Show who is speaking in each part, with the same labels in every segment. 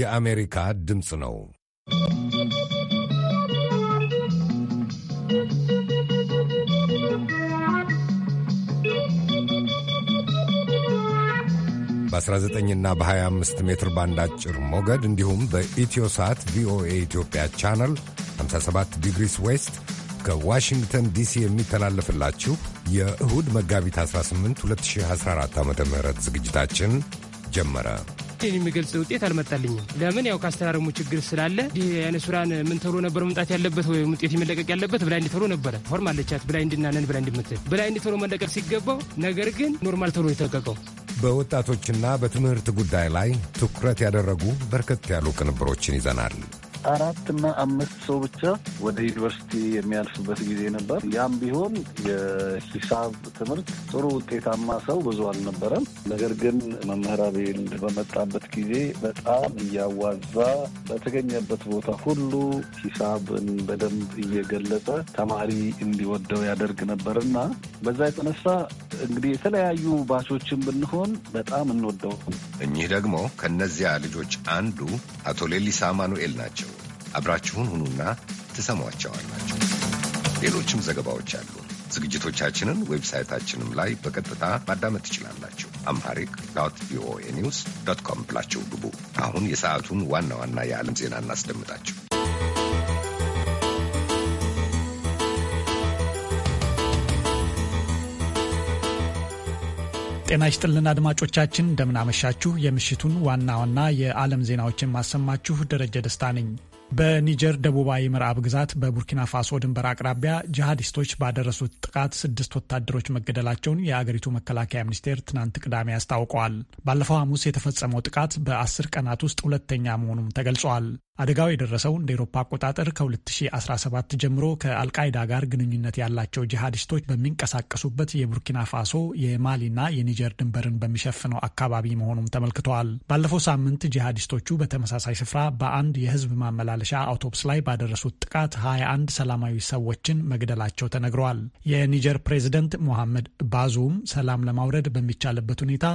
Speaker 1: የአሜሪካ ድምፅ ነው። በ19ና በ25 ሜትር ባንድ አጭር ሞገድ እንዲሁም በኢትዮሳት ቪኦኤ ኢትዮጵያ ቻናል 57 ዲግሪስ ዌስት ከዋሽንግተን ዲሲ የሚተላለፍላችሁ የእሁድ መጋቢት 18 2014 ዓ ም ዝግጅታችን ጀመረ።
Speaker 2: ትምህርቴን የሚገልጽ ውጤት አልመጣልኝም። ለምን ያው ከአስተራረሙ ችግር ስላለ እንዲህ አይነት ሱራን ምን ተብሎ ነበር መምጣት ያለበት ወይም ውጤት የመለቀቅ ያለበት ብላይንድ ተብሎ ነበረ። ፎርም አለቻት ብላይንድና ነን ብላይንድ ምትል ብላይንድ ተብሎ መለቀቅ ሲገባው ነገር ግን ኖርማል ተብሎ የተለቀቀው።
Speaker 1: በወጣቶችና በትምህርት ጉዳይ ላይ ትኩረት ያደረጉ በርከት ያሉ ቅንብሮችን ይዘናል።
Speaker 3: አራት አምስት ሰው ብቻ ወደ ዩኒቨርሲቲ የሚያልፍበት ጊዜ ነበር። ያም ቢሆን የሂሳብ ትምህርት ጥሩ ውጤታማ ሰው ብዙ አልነበረም። ነገር ግን መምህር አቤል በመጣበት ጊዜ በጣም እያዋዛ በተገኘበት ቦታ ሁሉ ሂሳብን በደንብ እየገለጸ ተማሪ እንዲወደው ያደርግ ነበርና በዛ የተነሳ እንግዲህ የተለያዩ ባቾችን ብንሆን በጣም እንወደው።
Speaker 1: እኚህ ደግሞ ከነዚያ ልጆች አንዱ አቶ ሌሊሳ ማኑኤል ናቸው። አብራችሁን ሁኑና ትሰሟቸዋላችሁ። ሌሎችም ዘገባዎች አሉ። ዝግጅቶቻችንን ዌብሳይታችንም ላይ በቀጥታ ማዳመጥ ትችላላችሁ። አምሃሪክ ዶት ቪኦኤ ኒውስ ዶት ኮም ብላችሁ ግቡ። አሁን የሰዓቱን ዋና ዋና የዓለም ዜና እናስደምጣችሁ።
Speaker 4: ጤና ይስጥልን አድማጮቻችን፣ እንደምናመሻችሁ። የምሽቱን ዋና ዋና የዓለም ዜናዎችን ማሰማችሁ ደረጀ ደስታ ነኝ። በኒጀር ደቡባዊ ምዕራብ ግዛት በቡርኪና ፋሶ ድንበር አቅራቢያ ጂሃዲስቶች ባደረሱት ጥቃት ስድስት ወታደሮች መገደላቸውን የአገሪቱ መከላከያ ሚኒስቴር ትናንት ቅዳሜ አስታውቀዋል። ባለፈው ሐሙስ የተፈጸመው ጥቃት በአስር ቀናት ውስጥ ሁለተኛ መሆኑም ተገልጿል። አደጋው የደረሰው እንደ ኤሮፓ አቆጣጠር ከ2017 ጀምሮ ከአልቃይዳ ጋር ግንኙነት ያላቸው ጂሃዲስቶች በሚንቀሳቀሱበት የቡርኪና ፋሶ የማሊና የኒጀር ድንበርን በሚሸፍነው አካባቢ መሆኑም ተመልክተዋል። ባለፈው ሳምንት ጂሃዲስቶቹ በተመሳሳይ ስፍራ በአንድ የህዝብ ማመላለ ማመላለሻ አውቶብስ ላይ ባደረሱት ጥቃት 21 ሰላማዊ ሰዎችን መግደላቸው ተነግረዋል። የኒጀር ፕሬዝደንት ሞሐመድ ባዙም ሰላም ለማውረድ በሚቻልበት ሁኔታ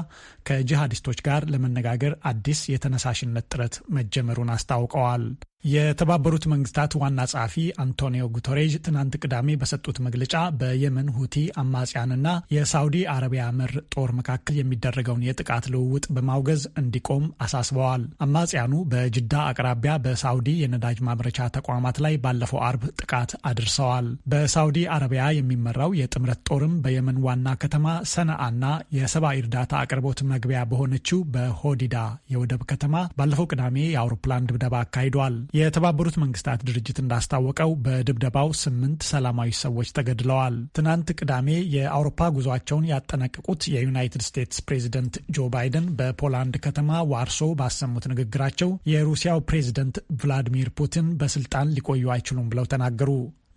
Speaker 4: ከጂሃዲስቶች ጋር ለመነጋገር አዲስ የተነሳሽነት ጥረት መጀመሩን አስታውቀዋል። የተባበሩት መንግስታት ዋና ጸሐፊ አንቶኒዮ ጉተሬዥ ትናንት ቅዳሜ በሰጡት መግለጫ በየመን ሁቲ አማጽያንና የሳውዲ አረቢያ መር ጦር መካከል የሚደረገውን የጥቃት ልውውጥ በማውገዝ እንዲቆም አሳስበዋል። አማጽያኑ በጅዳ አቅራቢያ በሳውዲ የነዳጅ ማምረቻ ተቋማት ላይ ባለፈው አርብ ጥቃት አድርሰዋል። በሳውዲ አረቢያ የሚመራው የጥምረት ጦርም በየመን ዋና ከተማ ሰነአና የሰብአዊ እርዳታ አቅርቦት መግቢያ በሆነችው በሆዲዳ የወደብ ከተማ ባለፈው ቅዳሜ የአውሮፕላን ድብደባ አካሂዷል። የተባበሩት መንግስታት ድርጅት እንዳስታወቀው በድብደባው ስምንት ሰላማዊ ሰዎች ተገድለዋል። ትናንት ቅዳሜ የአውሮፓ ጉዟቸውን ያጠናቀቁት የዩናይትድ ስቴትስ ፕሬዚደንት ጆ ባይደን በፖላንድ ከተማ ዋርሶ ባሰሙት ንግግራቸው የሩሲያው ፕሬዚደንት ቭላዲሚር ፑቲን በስልጣን ሊቆዩ አይችሉም ብለው ተናገሩ።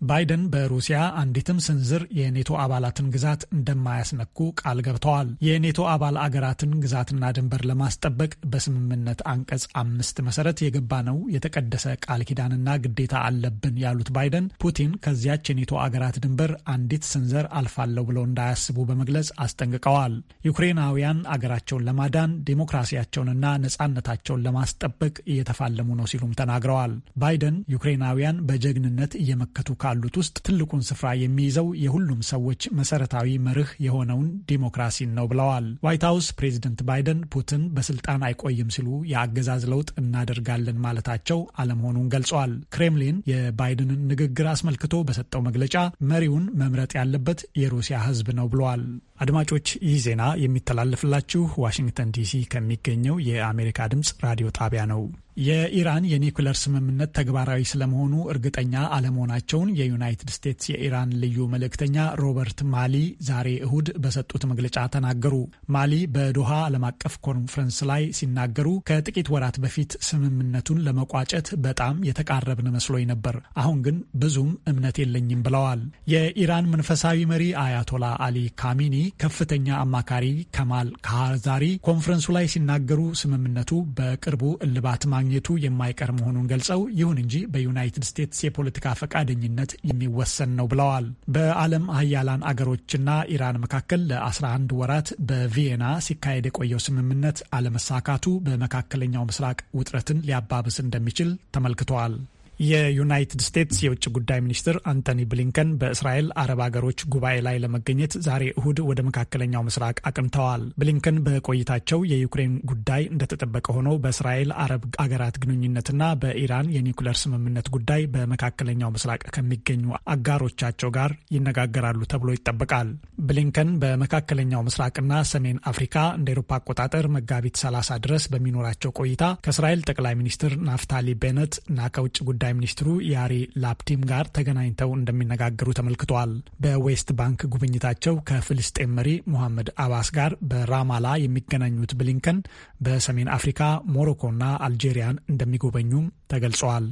Speaker 4: ባይደን በሩሲያ አንዲትም ስንዝር የኔቶ አባላትን ግዛት እንደማያስነኩ ቃል ገብተዋል። የኔቶ አባል አገራትን ግዛትና ድንበር ለማስጠበቅ በስምምነት አንቀጽ አምስት መሰረት የገባ ነው የተቀደሰ ቃል ኪዳንና ግዴታ አለብን ያሉት ባይደን ፑቲን ከዚያች የኔቶ አገራት ድንበር አንዲት ስንዘር አልፋለሁ ብለው እንዳያስቡ በመግለጽ አስጠንቅቀዋል። ዩክሬናውያን አገራቸውን ለማዳን ዴሞክራሲያቸውንና ነጻነታቸውን ለማስጠበቅ እየተፋለሙ ነው ሲሉም ተናግረዋል። ባይደን ዩክሬናውያን በጀግንነት እየመከቱ ካ ካሉት ውስጥ ትልቁን ስፍራ የሚይዘው የሁሉም ሰዎች መሰረታዊ መርህ የሆነውን ዲሞክራሲን ነው ብለዋል። ዋይት ሀውስ ፕሬዚደንት ባይደን ፑቲን በስልጣን አይቆይም ሲሉ የአገዛዝ ለውጥ እናደርጋለን ማለታቸው አለመሆኑን ገልጿል። ክሬምሊን የባይደንን ንግግር አስመልክቶ በሰጠው መግለጫ መሪውን መምረጥ ያለበት የሩሲያ ሕዝብ ነው ብለዋል። አድማጮች ይህ ዜና የሚተላለፍላችሁ ዋሽንግተን ዲሲ ከሚገኘው የአሜሪካ ድምፅ ራዲዮ ጣቢያ ነው። የኢራን የኒኩለር ስምምነት ተግባራዊ ስለመሆኑ እርግጠኛ አለመሆናቸውን የዩናይትድ ስቴትስ የኢራን ልዩ መልእክተኛ ሮበርት ማሊ ዛሬ እሁድ በሰጡት መግለጫ ተናገሩ። ማሊ በዶሃ ዓለም አቀፍ ኮንፈረንስ ላይ ሲናገሩ ከጥቂት ወራት በፊት ስምምነቱን ለመቋጨት በጣም የተቃረብን መስሎኝ ነበር፣ አሁን ግን ብዙም እምነት የለኝም ብለዋል። የኢራን መንፈሳዊ መሪ አያቶላ አሊ ካሚኒ ከፍተኛ አማካሪ ከማል ካዛሪ ኮንፈረንሱ ላይ ሲናገሩ ስምምነቱ በቅርቡ እልባት ማ ማግኘቱ የማይቀር መሆኑን ገልጸው ይሁን እንጂ በዩናይትድ ስቴትስ የፖለቲካ ፈቃደኝነት የሚወሰን ነው ብለዋል። በዓለም ሀያላን አገሮችና ኢራን መካከል ለ11 ወራት በቪየና ሲካሄድ የቆየው ስምምነት አለመሳካቱ በመካከለኛው ምስራቅ ውጥረትን ሊያባብስ እንደሚችል ተመልክተዋል። የዩናይትድ ስቴትስ የውጭ ጉዳይ ሚኒስትር አንቶኒ ብሊንከን በእስራኤል አረብ ሀገሮች ጉባኤ ላይ ለመገኘት ዛሬ እሁድ ወደ መካከለኛው ምስራቅ አቅንተዋል። ብሊንከን በቆይታቸው የዩክሬን ጉዳይ እንደተጠበቀ ሆኖ በእስራኤል አረብ አገራት ግንኙነትና በኢራን የኒውክለር ስምምነት ጉዳይ በመካከለኛው ምስራቅ ከሚገኙ አጋሮቻቸው ጋር ይነጋገራሉ ተብሎ ይጠበቃል። ብሊንከን በመካከለኛው ምስራቅና ሰሜን አፍሪካ እንደ ኤሮፓ አቆጣጠር መጋቢት 30 ድረስ በሚኖራቸው ቆይታ ከእስራኤል ጠቅላይ ሚኒስትር ናፍታሊ ቤነት እና ከውጭ ጉዳይ ጠቅላይ ሚኒስትሩ ያሪ ላፕቲም ጋር ተገናኝተው እንደሚነጋገሩ ተመልክቷል። በዌስት ባንክ ጉብኝታቸው ከፍልስጤን መሪ ሙሐመድ አባስ ጋር በራማላ የሚገናኙት ብሊንከን በሰሜን አፍሪካ ሞሮኮና አልጄሪያን እንደሚጎበኙም ተገልጸዋል።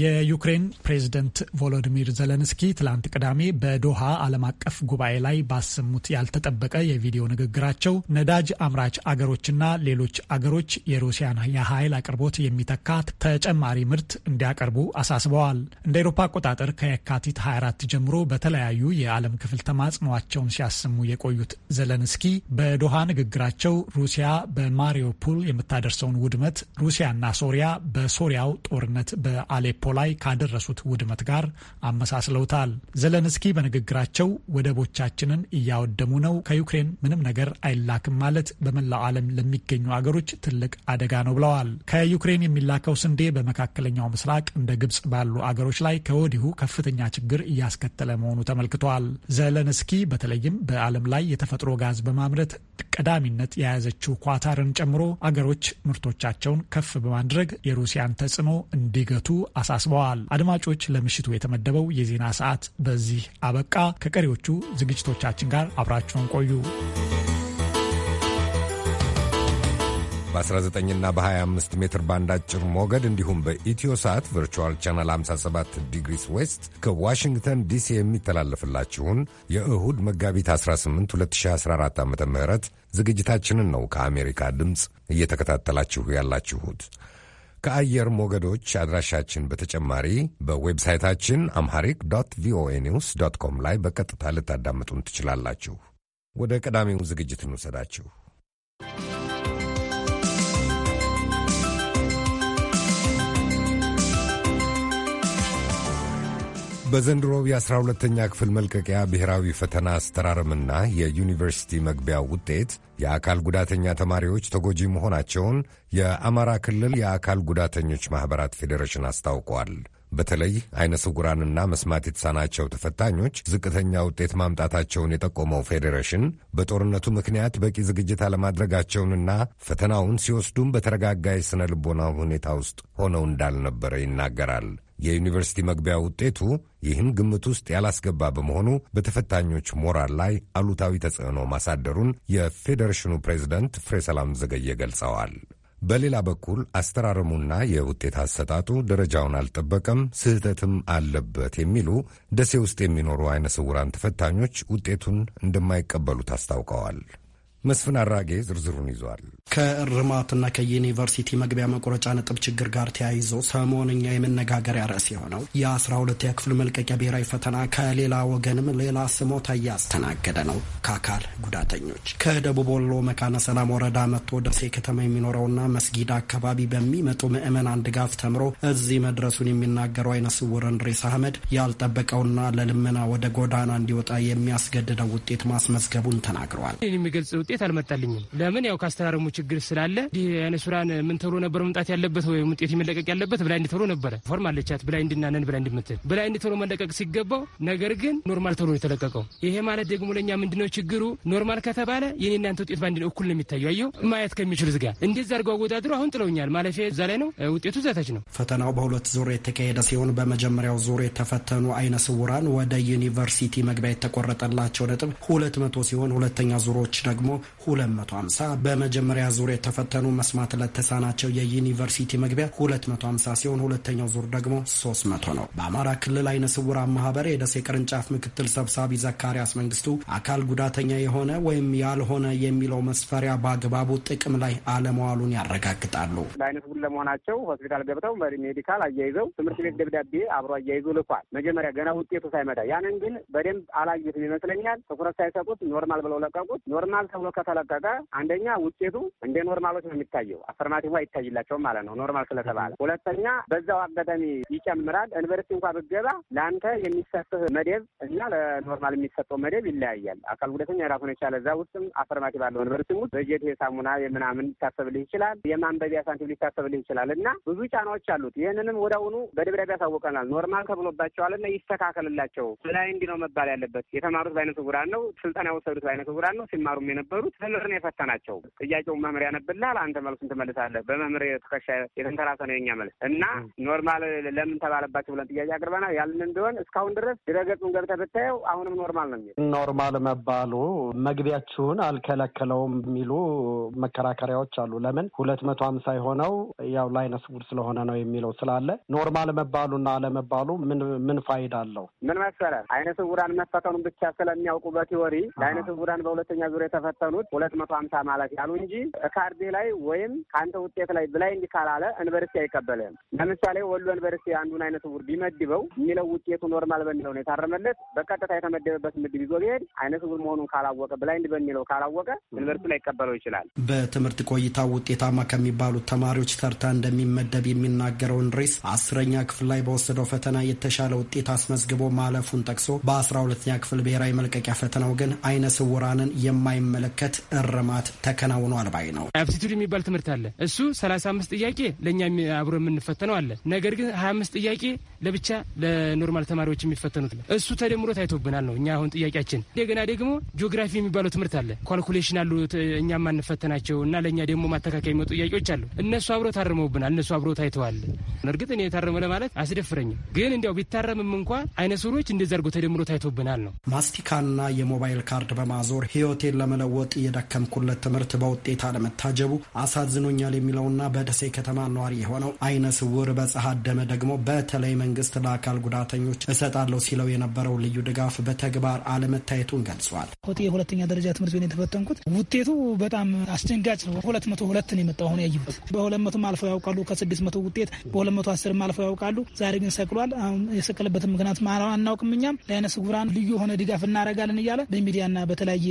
Speaker 4: የዩክሬን ፕሬዝደንት ቮሎዲሚር ዘለንስኪ ትላንት ቅዳሜ በዶሃ ዓለም አቀፍ ጉባኤ ላይ ባሰሙት ያልተጠበቀ የቪዲዮ ንግግራቸው ነዳጅ አምራች አገሮችና ሌሎች አገሮች የሩሲያን የኃይል አቅርቦት የሚተካ ተጨማሪ ምርት እንዲያቀርቡ አሳስበዋል። እንደ ኤሮፓ አቆጣጠር ከየካቲት 24 ጀምሮ በተለያዩ የዓለም ክፍል ተማጽኗቸውን ሲያሰሙ የቆዩት ዘለንስኪ በዶሃ ንግግራቸው ሩሲያ በማሪዮፖል የምታደርሰውን ውድመት ሩሲያና ሶሪያ በሶሪያው ጦርነት በአሌ አሌፖ ላይ ካደረሱት ውድመት ጋር አመሳስለውታል። ዘለንስኪ በንግግራቸው ወደቦቻችንን እያወደሙ ነው፣ ከዩክሬን ምንም ነገር አይላክም ማለት በመላው ዓለም ለሚገኙ አገሮች ትልቅ አደጋ ነው ብለዋል። ከዩክሬን የሚላከው ስንዴ በመካከለኛው ምስራቅ እንደ ግብጽ ባሉ አገሮች ላይ ከወዲሁ ከፍተኛ ችግር እያስከተለ መሆኑ ተመልክቷል። ዘለንስኪ በተለይም በዓለም ላይ የተፈጥሮ ጋዝ በማምረት ቀዳሚነት የያዘችው ኳታርን ጨምሮ አገሮች ምርቶቻቸውን ከፍ በማድረግ የሩሲያን ተጽዕኖ እንዲገቱ አሳስበዋል። አድማጮች፣ ለምሽቱ የተመደበው የዜና ሰዓት በዚህ አበቃ። ከቀሪዎቹ ዝግጅቶቻችን ጋር አብራችሁን ቆዩ።
Speaker 1: በ19ና በ25 ሜትር ባንድ አጭር ሞገድ እንዲሁም ሰዓት ቨርቹዋል ቻናል 57 ዲግሪስ ዌስት ከዋሽንግተን ዲሲ የሚተላለፍላችሁን የእሁድ መጋቢት 18 2014 ዓ ም ዝግጅታችንን ነው ከአሜሪካ ድምፅ እየተከታተላችሁ ያላችሁት። ከአየር ሞገዶች አድራሻችን በተጨማሪ በዌብሳይታችን አምሃሪክ ዶት ቪኦኤ ኒውስ ዶት ኮም ላይ በቀጥታ ልታዳምጡን ትችላላችሁ። ወደ ቀዳሚው ዝግጅት እንውሰዳችሁ። በዘንድሮው የአስራ ሁለተኛ ክፍል መልቀቂያ ብሔራዊ ፈተና አስተራረምና የዩኒቨርሲቲ መግቢያ ውጤት የአካል ጉዳተኛ ተማሪዎች ተጎጂ መሆናቸውን የአማራ ክልል የአካል ጉዳተኞች ማኅበራት ፌዴሬሽን አስታውቋል። በተለይ አይነ ስውራንና መስማት የተሳናቸው ተፈታኞች ዝቅተኛ ውጤት ማምጣታቸውን የጠቆመው ፌዴሬሽን በጦርነቱ ምክንያት በቂ ዝግጅት አለማድረጋቸውንና ፈተናውን ሲወስዱም በተረጋጋ የሥነ ልቦና ሁኔታ ውስጥ ሆነው እንዳልነበረ ይናገራል። የዩኒቨርሲቲ መግቢያ ውጤቱ ይህን ግምት ውስጥ ያላስገባ በመሆኑ በተፈታኞች ሞራል ላይ አሉታዊ ተጽዕኖ ማሳደሩን የፌዴሬሽኑ ፕሬዝደንት ፍሬ ሰላም ዘገየ ገልጸዋል። በሌላ በኩል አስተራረሙና የውጤት አሰጣጡ ደረጃውን አልጠበቀም፣ ስህተትም አለበት የሚሉ ደሴ ውስጥ የሚኖሩ አይነ ስውራን ተፈታኞች ውጤቱን እንደማይቀበሉት አስታውቀዋል። መስፍን አራጌ ዝርዝሩን ይዟል።
Speaker 5: ከእርማትና ከዩኒቨርሲቲ መግቢያ መቆረጫ ነጥብ ችግር ጋር ተያይዞ ሰሞንኛ የመነጋገሪያ ርዕስ የሆነው የአስራ ሁለተኛ ክፍል መልቀቂያ ብሔራዊ ፈተና ከሌላ ወገንም ሌላ ስሞታ እያስተናገደ ነው። ከአካል ጉዳተኞች ከደቡብ ወሎ መካነ ሰላም ወረዳ መጥቶ ደሴ ከተማ የሚኖረውና መስጊድ አካባቢ በሚመጡ ምዕመናን ድጋፍ ተምሮ እዚህ መድረሱን የሚናገረው አይነ ስውርን እንድሬስ አህመድ ያልጠበቀውና ለልመና ወደ ጎዳና እንዲወጣ የሚያስገድደው ውጤት ማስመዝገቡን
Speaker 2: ተናግረዋል። ውጤት አልመጣልኝም። ለምን ያው ከአስተራረሙ ችግር ስላለ እንዲህ አይነት ሱራን ምን ተብሎ ነበር መምጣት ያለበት ወይም ውጤት የሚለቀቅ ያለበት ብላይንድ ተብሎ ነበረ። ፎርም አለቻት ብላይንድና ነን ብላይንድ ምትል ብላይንድ ተብሎ መለቀቅ ሲገባው ነገር ግን ኖርማል ተብሎ የተለቀቀው። ይሄ ማለት ደግሞ ለእኛ ምንድነው ችግሩ? ኖርማል ከተባለ የኔ እናንተ ውጤት ባንድ እኩል ነው የሚታየው። አየው ማየት ከሚችሉ ዝጋ እንዴት አድርጎ አወዳድሩ አሁን ጥለውኛል። ማለፊያ እዛ ላይ ነው፣ ውጤቱ ዘታች ነው።
Speaker 5: ፈተናው በሁለት ዙር የተካሄደ ሲሆን በመጀመሪያው ዙር የተፈተኑ አይነ ስውራን ወደ ዩኒቨርሲቲ መግቢያ የተቆረጠላቸው ነጥብ ሁለት መቶ ሲሆን ሁለተኛ ዙሮች ደግሞ 250 በመጀመሪያ ዙር የተፈተኑ መስማት ለተሳናቸው የዩኒቨርሲቲ መግቢያ 250 ሲሆን ሁለተኛው ዙር ደግሞ 300 ነው። በአማራ ክልል አይነ ስውራን ማህበር የደሴ ቅርንጫፍ ምክትል ሰብሳቢ ዘካሪያስ መንግስቱ አካል ጉዳተኛ የሆነ ወይም ያልሆነ የሚለው መስፈሪያ በአግባቡ ጥቅም ላይ አለመዋሉን ያረጋግጣሉ።
Speaker 6: ለአይነ ስውር ለመሆናቸው ሆስፒታል ገብተው ሜዲካል አያይዘው ትምህርት ቤት ደብዳቤ አብሮ አያይዞ ልኳል። መጀመሪያ ገና ውጤቱ ሳይመጣ ያንን ግን በደንብ አላዩትም ይመስለኛል። ትኩረት ሳይሰጡት ኖርማል ብለው ለቀቁት። ኖርማል ተብሎ ከተለቀቀ አንደኛ ውጤቱ እንደ ኖርማሎች ነው የሚታየው፣ አፈርማቲቭ አይታይላቸውም ማለት ነው ኖርማል ስለተባለ። ሁለተኛ በዛው አጋጣሚ ይጨምራል። ዩኒቨርሲቲ እንኳ ብገባ ለአንተ የሚሰጥህ መደብ እና ለኖርማል የሚሰጠው መደብ ይለያያል። አካል ጉዳተኛ የራሱን የቻለ እዛ ውስጥም አፈርማቲቭ አለው። ዩኒቨርሲቲ ውስጥ በጀት የሳሙና የምናምን ሊታሰብልህ ይችላል፣ የማንበቢያ ሳንቲም ሊታሰብልህ ይችላል እና ብዙ ጫናዎች አሉት። ይህንንም ወደአሁኑ በደብዳቤ ያሳውቀናል። ኖርማል ተብሎባቸዋል እና ይስተካከልላቸው። ብላይንድ ነው መባል ያለበት የተማሩት በአይነ ስውራን ነው፣ ስልጠና የወሰዱት በአይነ ስውራን ነው፣ ሲማሩም የነበሩ ያሉት ዘለርን የፈተናቸው። ጥያቄውን መምሪያ ነብላል አንተ መልሱን ትመልሳለህ። በመምህር ትከሻ የተንተራሰ ነው የኛ መልስ እና ኖርማል ለምን ተባለባቸው ብለን ጥያቄ አቅርበናል። ያልን እንደሆን እስካሁን ድረስ ድረገጹን ገብተህ ብታየው አሁንም ኖርማል ነው የሚል
Speaker 5: ኖርማል መባሉ መግቢያችሁን አልከለከለውም የሚሉ መከራከሪያዎች አሉ። ለምን ሁለት መቶ ሀምሳ የሆነው ያው ለአይነ ስውር ስለሆነ ነው የሚለው ስላለ ኖርማል መባሉና አለመባሉ ምን ምን ፋይዳ አለው?
Speaker 6: ምን መሰለህ አይነ ስውራን መፈተኑን ብቻ ስለሚያውቁ በቲዎሪ ለአይነ ስውራን በሁለተኛ ዙር የተፈተ የተወሰኑት ሁለት መቶ ሀምሳ ማለት ያሉ እንጂ ካርዴ ላይ ወይም ከአንተ ውጤት ላይ ብላይንድ ካላለ ዩኒቨርሲቲ አይቀበልም ለምሳሌ ወሎ ዩኒቨርሲቲ አንዱን አይነት ስውር ቢመድበው የሚለው ውጤቱ ኖርማል በሚለው ነው የታረመለት። በቀጥታ የተመደበበት ምድብ ይዞ ቢሄድ አይነ ስውር መሆኑን ካላወቀ ብላይንድ በሚለው ካላወቀ ዩኒቨርሲቲ ላይ ይቀበለው ይችላል።
Speaker 5: በትምህርት ቆይታ ውጤታማ ከሚባሉት ተማሪዎች ተርታ እንደሚመደብ የሚናገረውን ሬስ አስረኛ ክፍል ላይ በወሰደው ፈተና የተሻለ ውጤት አስመዝግቦ ማለፉን ጠቅሶ በአስራ ሁለተኛ ክፍል ብሔራዊ መልቀቂያ ፈተናው ግን አይነ ስውራንን የማይመለከት የሚመለከት እርማት ተከናውኗል ባይ ነው።
Speaker 2: አፕቲቱድ የሚባል ትምህርት አለ። እሱ 35 ጥያቄ ለእኛ አብሮ የምንፈተነው አለ። ነገር ግን 25 ጥያቄ ለብቻ ለኖርማል ተማሪዎች የሚፈተኑት ነው። እሱ ተደምሮ ታይቶብናል ነው እኛ አሁን ጥያቄያችን። እንደገና ደግሞ ጂኦግራፊ የሚባለው ትምህርት አለ። ኳልኩሌሽን አሉ እኛ ማንፈተናቸው እና ለእኛ ደግሞ ማተካከያ የሚወጡ ጥያቄዎች አሉ። እነሱ አብሮ ታርመውብናል። እነሱ አብሮ ታይተዋል። እርግጥ እኔ የታረመ ለማለት አስደፍረኝም፣ ግን እንዲያው ቢታረምም እንኳ አይነ ስውሮች እንደዚ አድርጎ ተደምሮ ታይቶብናል ነው ማስቲካና የሞባይል ካርድ በማዞር ህይወቴን
Speaker 5: ለመለወ ለውጥ እየደከምኩለት ትምህርት በውጤት አለመታጀቡ አሳዝኖኛል የሚለውና በደሴ ከተማ ነዋሪ የሆነው አይነ ስውር በጸሀት ደመ ደግሞ በተለይ መንግስት ለአካል ጉዳተኞች እሰጣለሁ ሲለው የነበረው ልዩ ድጋፍ በተግባር አለመታየቱን ገልጿል።
Speaker 2: ሆቴ የሁለተኛ ደረጃ ትምህርት ቤት የተፈተንኩት ውጤቱ በጣም አስደንጋጭ ነው። ሁለት መቶ ሁለት ነው የመጣው አሁን ያየሁት። በሁለት መቶ አልፈው ያውቃሉ። ከስድስት መቶ ውጤት በሁለት መቶ አስር አልፈው ያውቃሉ። ዛሬ ግን ሰቅሏል። አሁን የሰቀለበትን ምክንያት አናውቅም። እኛም ለአይነ ስውራን ልዩ የሆነ ድጋፍ እናደርጋለን እያለ በሚዲያና በተለያየ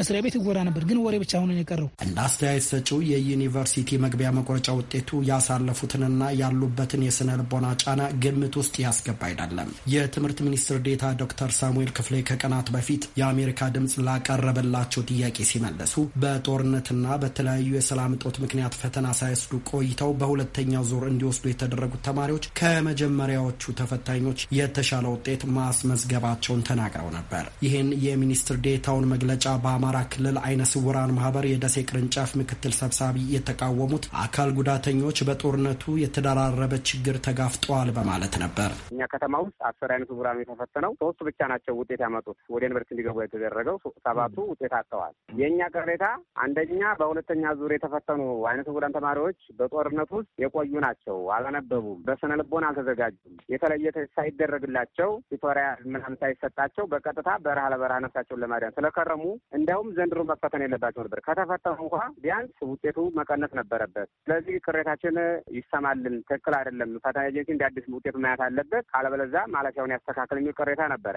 Speaker 2: መስሪያ ቤት ጎዳ ነበር፣ ግን ወሬ ብቻ ሆነን የቀረው።
Speaker 5: እንደ አስተያየት ሰጪው የዩኒቨርሲቲ መግቢያ መቁረጫ ውጤቱ ያሳለፉትንና ያሉበትን የስነ ልቦና ጫና ግምት ውስጥ ያስገባ አይደለም። የትምህርት ሚኒስትር ዴታ ዶክተር ሳሙኤል ክፍሌ ከቀናት በፊት የአሜሪካ ድምፅ ላቀረበላቸው ጥያቄ ሲመለሱ በጦርነትና በተለያዩ የሰላም እጦት ምክንያት ፈተና ሳይወስዱ ቆይተው በሁለተኛው ዙር እንዲወስዱ የተደረጉት ተማሪዎች ከመጀመሪያዎቹ ተፈታኞች የተሻለ ውጤት ማስመዝገባቸውን ተናግረው ነበር። ይህን የሚኒስትር ዴታውን መግለጫ በአማራ ክልል አይነ ስውራን ማህበር የደሴ ቅርንጫፍ ምክትል ሰብሳቢ የተቃወሙት አካል ጉዳተኞች በጦርነቱ የተደራረበ ችግር ተጋፍጠዋል በማለት ነበር።
Speaker 6: እኛ ከተማ ውስጥ አስር አይነ ስውራን የተፈተነው ሶስቱ ብቻ ናቸው ውጤት ያመጡት ወደ ዩኒቨርሲቲ እንዲገቡ የተደረገው ሰባቱ ውጤት አጥተዋል። የእኛ ቅሬታ አንደኛ በሁለተኛ ዙር የተፈተኑ አይነ ስውራን ተማሪዎች በጦርነቱ ውስጥ የቆዩ ናቸው። አላነበቡም፣ በስነ ልቦን አልተዘጋጁም። የተለየ ሳይደረግላቸው ቱቶሪያል ምናምን ሳይሰጣቸው በቀጥታ በረሃ ለበረሃ ነፍሳቸውን ለማዳን ስለከረሙ እንዲያውም ዘንድሮ መፈተን የለባቸው ነበር። ከተፈተኑ እንኳ ቢያንስ ውጤቱ መቀነስ ነበረበት። ስለዚህ ቅሬታችን ይሰማልን፣ ትክክል አይደለም። ፈተና ኤጀንሲ እንደ አዲስ ውጤቱ ማየት አለበት፣ አለበለዛ ማለፊያውን ያስተካክል የሚል ቅሬታ ነበረ።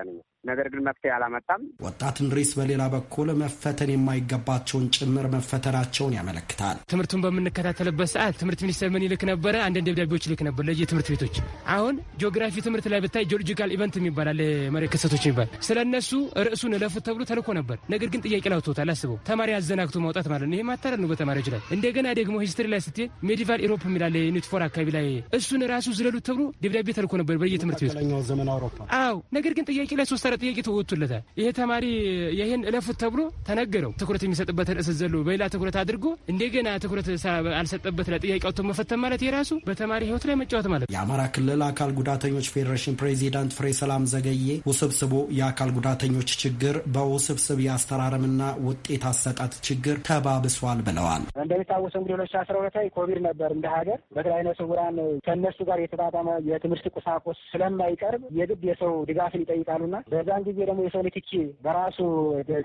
Speaker 6: ነገር ግን መፍትሄ አላመጣም።
Speaker 5: ወጣትን ሬስ በሌላ በኩል መፈተን
Speaker 2: የማይገባቸውን ጭምር መፈተናቸውን ያመለክታል። ትምህርቱን በምንከታተልበት ሰዓት ትምህርት ሚኒስቴር ምን ይልክ ነበረ? አንዳንድ ደብዳቤዎች ይልክ ነበር ትምህርት ቤቶች። አሁን ጂኦግራፊ ትምህርት ላይ ብታይ ጂኦሎጂካል ኢቨንት የሚባል አለ፣ መሬት ክስተቶች የሚባል ስለነሱ ርዕሱን እለፉት ተብሎ ተልኮ ነበር። ነገር ግን ጥያቄ ላውቶታል የምታስበው ተማሪ አዘናግቶ ማውጣት ማለት ነው። ይሄ ማታለል ነው በተማሪዎች ላይ። እንደገና ደግሞ ሂስትሪ ላይ ስትሄድ ሜዲቫል ኢሮፕ የሚላለ ዩኒትፎር አካባቢ ላይ እሱን ራሱ ዝለሉት ተብሎ ደብዳቤ ተልኮ ነበር በየትምህርት ቤቱ አዎ። ነገር ግን ጥያቄ ላይ ሶስት አራት ጥያቄ ተወጥቶለታል። ይሄ ተማሪ ይህን እለፉት ተብሎ ተነገረው። ትኩረት የሚሰጥበት ርዕስ ዘሎ በሌላ ትኩረት አድርጎ እንደገና ትኩረት አልሰጠበት ላይ ጥያቄ አውጥቶ መፈተን ማለት የራሱ በተማሪ ህይወት ላይ መጫወት ማለት ነው።
Speaker 5: የአማራ ክልል አካል ጉዳተኞች ፌዴሬሽን ፕሬዚዳንት ፍሬ ሰላም ዘገዬ ውስብስቡ የአካል ጉዳተኞች ችግር በውስብስብ የአስተራረምና ውጤት የውጤት የታሰቃት ችግር ተባብሷል ብለዋል።
Speaker 7: እንደሚታወሰው እንግዲህ ሁለት ሺ አስራ ሁለት ላይ ኮቪድ ነበር እንደ ሀገር በተለይ ዓይነ ስውራን ከእነሱ ጋር የተጣጣመ የትምህርት ቁሳቁስ ስለማይቀርብ የግድ የሰው ድጋፍን ይጠይቃሉና በዛን ጊዜ ደግሞ የሰው ንክኪ በራሱ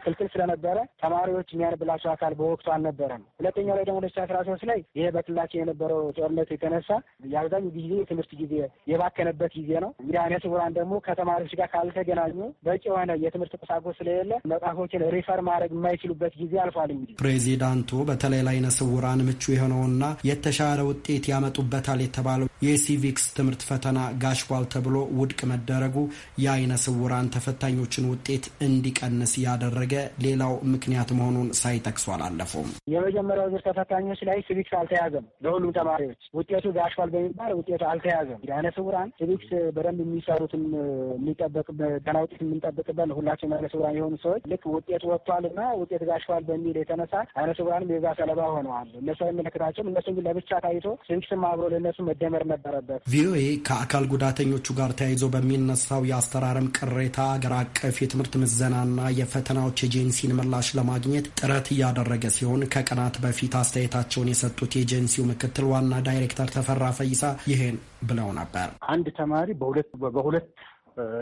Speaker 7: ክልክል ስለነበረ ተማሪዎች የሚያንብላቸው አካል በወቅቱ አልነበረም። ሁለተኛው ላይ ደግሞ ሁለት ሺ አስራ ሶስት ላይ ይሄ በክልላችን የነበረው ጦርነት የተነሳ የአብዛኙ ጊዜ የትምህርት ጊዜ የባከነበት ጊዜ ነው። እንግዲህ ዓይነ ስውራን ደግሞ ከተማሪዎች ጋር ካልተገናኙ በቂ የሆነ የትምህርት ቁሳቁስ ስለሌለ መጽሐፎችን ሪፈር ማድረግ የማይችሉ የሚችሉበት ጊዜ አልፏል። እንግዲህ
Speaker 5: ፕሬዚዳንቱ በተለይ ለአይነ ስውራን ምቹ የሆነውና የተሻለ ውጤት ያመጡበታል የተባለው የሲቪክስ ትምህርት ፈተና ጋሽኳል ተብሎ ውድቅ መደረጉ የአይነ ስውራን ተፈታኞችን ውጤት እንዲቀንስ ያደረገ ሌላው ምክንያት መሆኑን ሳይጠቅሱ አላለፉም።
Speaker 7: የመጀመሪያው ዙር ተፈታኞች ላይ ሲቪክስ አልተያዘም። በሁሉም ተማሪዎች ውጤቱ ጋሽኳል በሚባል ውጤቱ አልተያዘም። አይነ ስውራን ሲቪክስ በደንብ የሚሰሩትን የሚጠበቅ ገና ውጤት የምንጠብቅበት ሁላቸው አይነ ስውራን የሆኑ ሰዎች ልክ ውጤት ወጥቷልና ውጤት ቤት ጋሽዋል በሚል የተነሳ አይነ ስውራንም የዛ ሰለባ ሆነዋል። እነሱ አይመለከታቸውም። እነሱ ግን ለብቻ ታይቶ ስንክስም አብሮ ለእነሱ መደመር ነበረበት።
Speaker 5: ቪኦኤ ከአካል ጉዳተኞቹ ጋር ተያይዞ በሚነሳው የአስተራረም ቅሬታ አገር አቀፍ የትምህርት ምዘናና የፈተናዎች ኤጀንሲን ምላሽ ለማግኘት ጥረት እያደረገ ሲሆን ከቀናት በፊት አስተያየታቸውን የሰጡት የኤጀንሲው ምክትል ዋና ዳይሬክተር ተፈራ ፈይሳ ይሄን ብለው ነበር።
Speaker 3: አንድ ተማሪ በሁለት በሁለት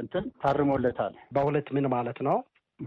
Speaker 3: እንትን ታርሞለታል። በሁለት ምን ማለት ነው?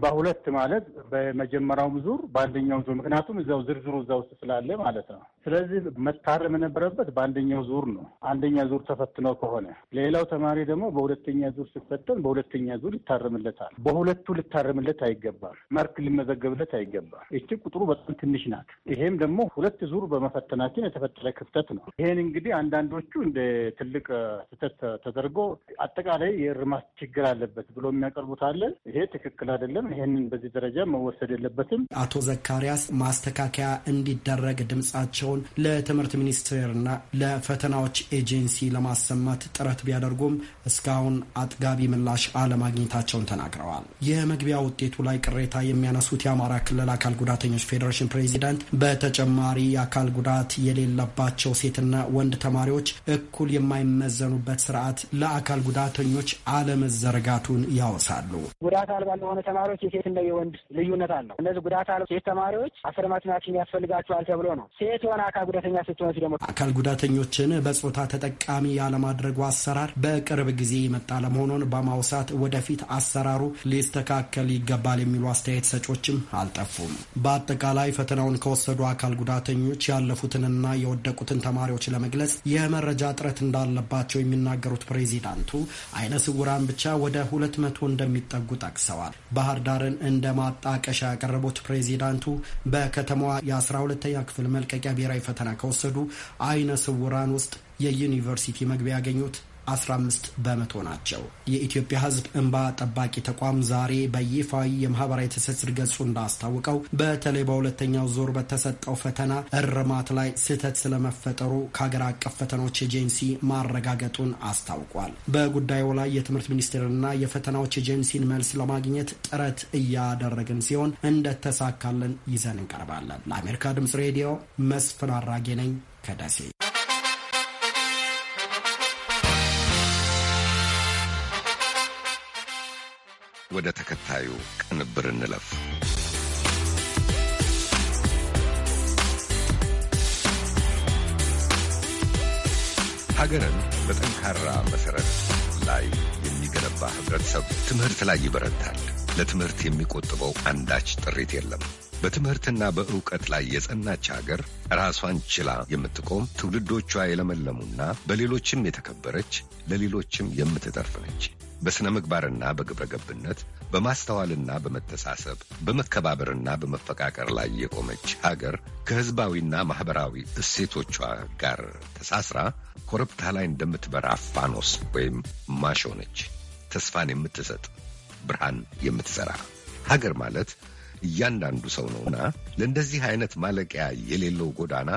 Speaker 3: በሁለት ማለት በመጀመሪያውም ዙር በአንደኛውም ዙር ምክንያቱም እዚያው ዝርዝሩ እዛ ውስጥ ስላለ ማለት ነው። ስለዚህ መታረም የነበረበት በአንደኛው ዙር ነው። አንደኛ ዙር ተፈትኖ ከሆነ ሌላው ተማሪ ደግሞ በሁለተኛ ዙር ሲፈተን በሁለተኛ ዙር ይታረምለታል። በሁለቱ ልታረምለት አይገባም። መርክ ሊመዘገብለት አይገባም። እቺ ቁጥሩ በጣም ትንሽ ናት። ይሄም ደግሞ ሁለት ዙር በመፈተናችን የተፈጠረ ክፍተት ነው። ይሄን እንግዲህ አንዳንዶቹ እንደ ትልቅ ስህተት ተደርጎ አጠቃላይ የእርማት ችግር አለበት ብሎ የሚያቀርቡት አለ። ይሄ ትክክል አይደለም። አይደለም። ይህንን በዚህ ደረጃ መወሰድ የለበትም። አቶ
Speaker 5: ዘካሪያስ ማስተካከያ እንዲደረግ ድምጻቸውን ለትምህርት ሚኒስቴርና ለፈተናዎች ኤጀንሲ ለማሰማት ጥረት ቢያደርጉም እስካሁን አጥጋቢ ምላሽ አለማግኘታቸውን ተናግረዋል። የመግቢያ ውጤቱ ላይ ቅሬታ የሚያነሱት የአማራ ክልል አካል ጉዳተኞች ፌዴሬሽን ፕሬዚዳንት በተጨማሪ የአካል ጉዳት የሌለባቸው ሴትና ወንድ ተማሪዎች እኩል የማይመዘኑበት ስርዓት ለአካል ጉዳተኞች አለመዘረጋቱን ያወሳሉ።
Speaker 7: ጉዳት አልባ ለሆነ ተማሪ ተማሪዎች የሴትና የወንድ ልዩነት አለው። እነዚህ ጉዳት አለው። ሴት ተማሪዎች አስር ማትናችን ያስፈልጋቸዋል ተብሎ ነው። ሴት የሆነ አካል ጉዳተኛ ስትሆን ደግሞ
Speaker 5: አካል ጉዳተኞችን በጾታ ተጠቃሚ ያለማድረጉ አሰራር በቅርብ ጊዜ የመጣ ለመሆኑን በማውሳት ወደፊት አሰራሩ ሊስተካከል ይገባል የሚሉ አስተያየት ሰጮችም አልጠፉም። በአጠቃላይ ፈተናውን ከወሰዱ አካል ጉዳተኞች ያለፉትንና የወደቁትን ተማሪዎች ለመግለጽ የመረጃ እጥረት እንዳለባቸው የሚናገሩት ፕሬዚዳንቱ አይነ ስውራን ብቻ ወደ ሁለት መቶ እንደሚጠጉ ጠቅሰዋል። ባህር ዳርን እንደ ማጣቀሻ ያቀረቡት ፕሬዚዳንቱ በከተማዋ የ12ተኛ ክፍል መልቀቂያ ብሔራዊ ፈተና ከወሰዱ አይነ ስውራን ውስጥ የዩኒቨርሲቲ መግቢያ ያገኙት 15 በመቶ ናቸው። የኢትዮጵያ ሕዝብ እንባ ጠባቂ ተቋም ዛሬ በይፋዊ የማህበራዊ ትስስር ገጹ እንዳስታውቀው በተለይ በሁለተኛው ዙር በተሰጠው ፈተና እርማት ላይ ስህተት ስለመፈጠሩ ከሀገር አቀፍ ፈተናዎች ኤጀንሲ ማረጋገጡን አስታውቋል። በጉዳዩ ላይ የትምህርት ሚኒስቴርና የፈተናዎች ኤጀንሲን መልስ ለማግኘት ጥረት እያደረግን ሲሆን እንደተሳካልን ይዘን እንቀርባለን። ለአሜሪካ ድምጽ ሬዲዮ መስፍን አራጌ ነኝ ከደሴ
Speaker 1: ወደ ተከታዩ ቅንብር እንለፍ። ሀገርን በጠንካራ መሠረት ላይ የሚገነባ ህብረተሰብ ትምህርት ላይ ይበረታል። ለትምህርት የሚቆጥበው አንዳች ጥሪት የለም። በትምህርትና በእውቀት ላይ የጸናች ሀገር ራሷን ችላ የምትቆም ትውልዶቿ የለመለሙና በሌሎችም የተከበረች ለሌሎችም የምትጠርፍነች። ነች። በሥነ ምግባርና በግብረ ገብነት፣ በማስተዋልና በመተሳሰብ፣ በመከባበርና በመፈቃቀር ላይ የቆመች ሀገር ከሕዝባዊና ማኅበራዊ እሴቶቿ ጋር ተሳስራ ኮረብታ ላይ እንደምትበራ ፋኖስ ወይም ማሾ ነች። ተስፋን የምትሰጥ ብርሃን የምትሠራ ሀገር ማለት እያንዳንዱ ሰው ነውና ለእንደዚህ አይነት ማለቂያ የሌለው ጎዳና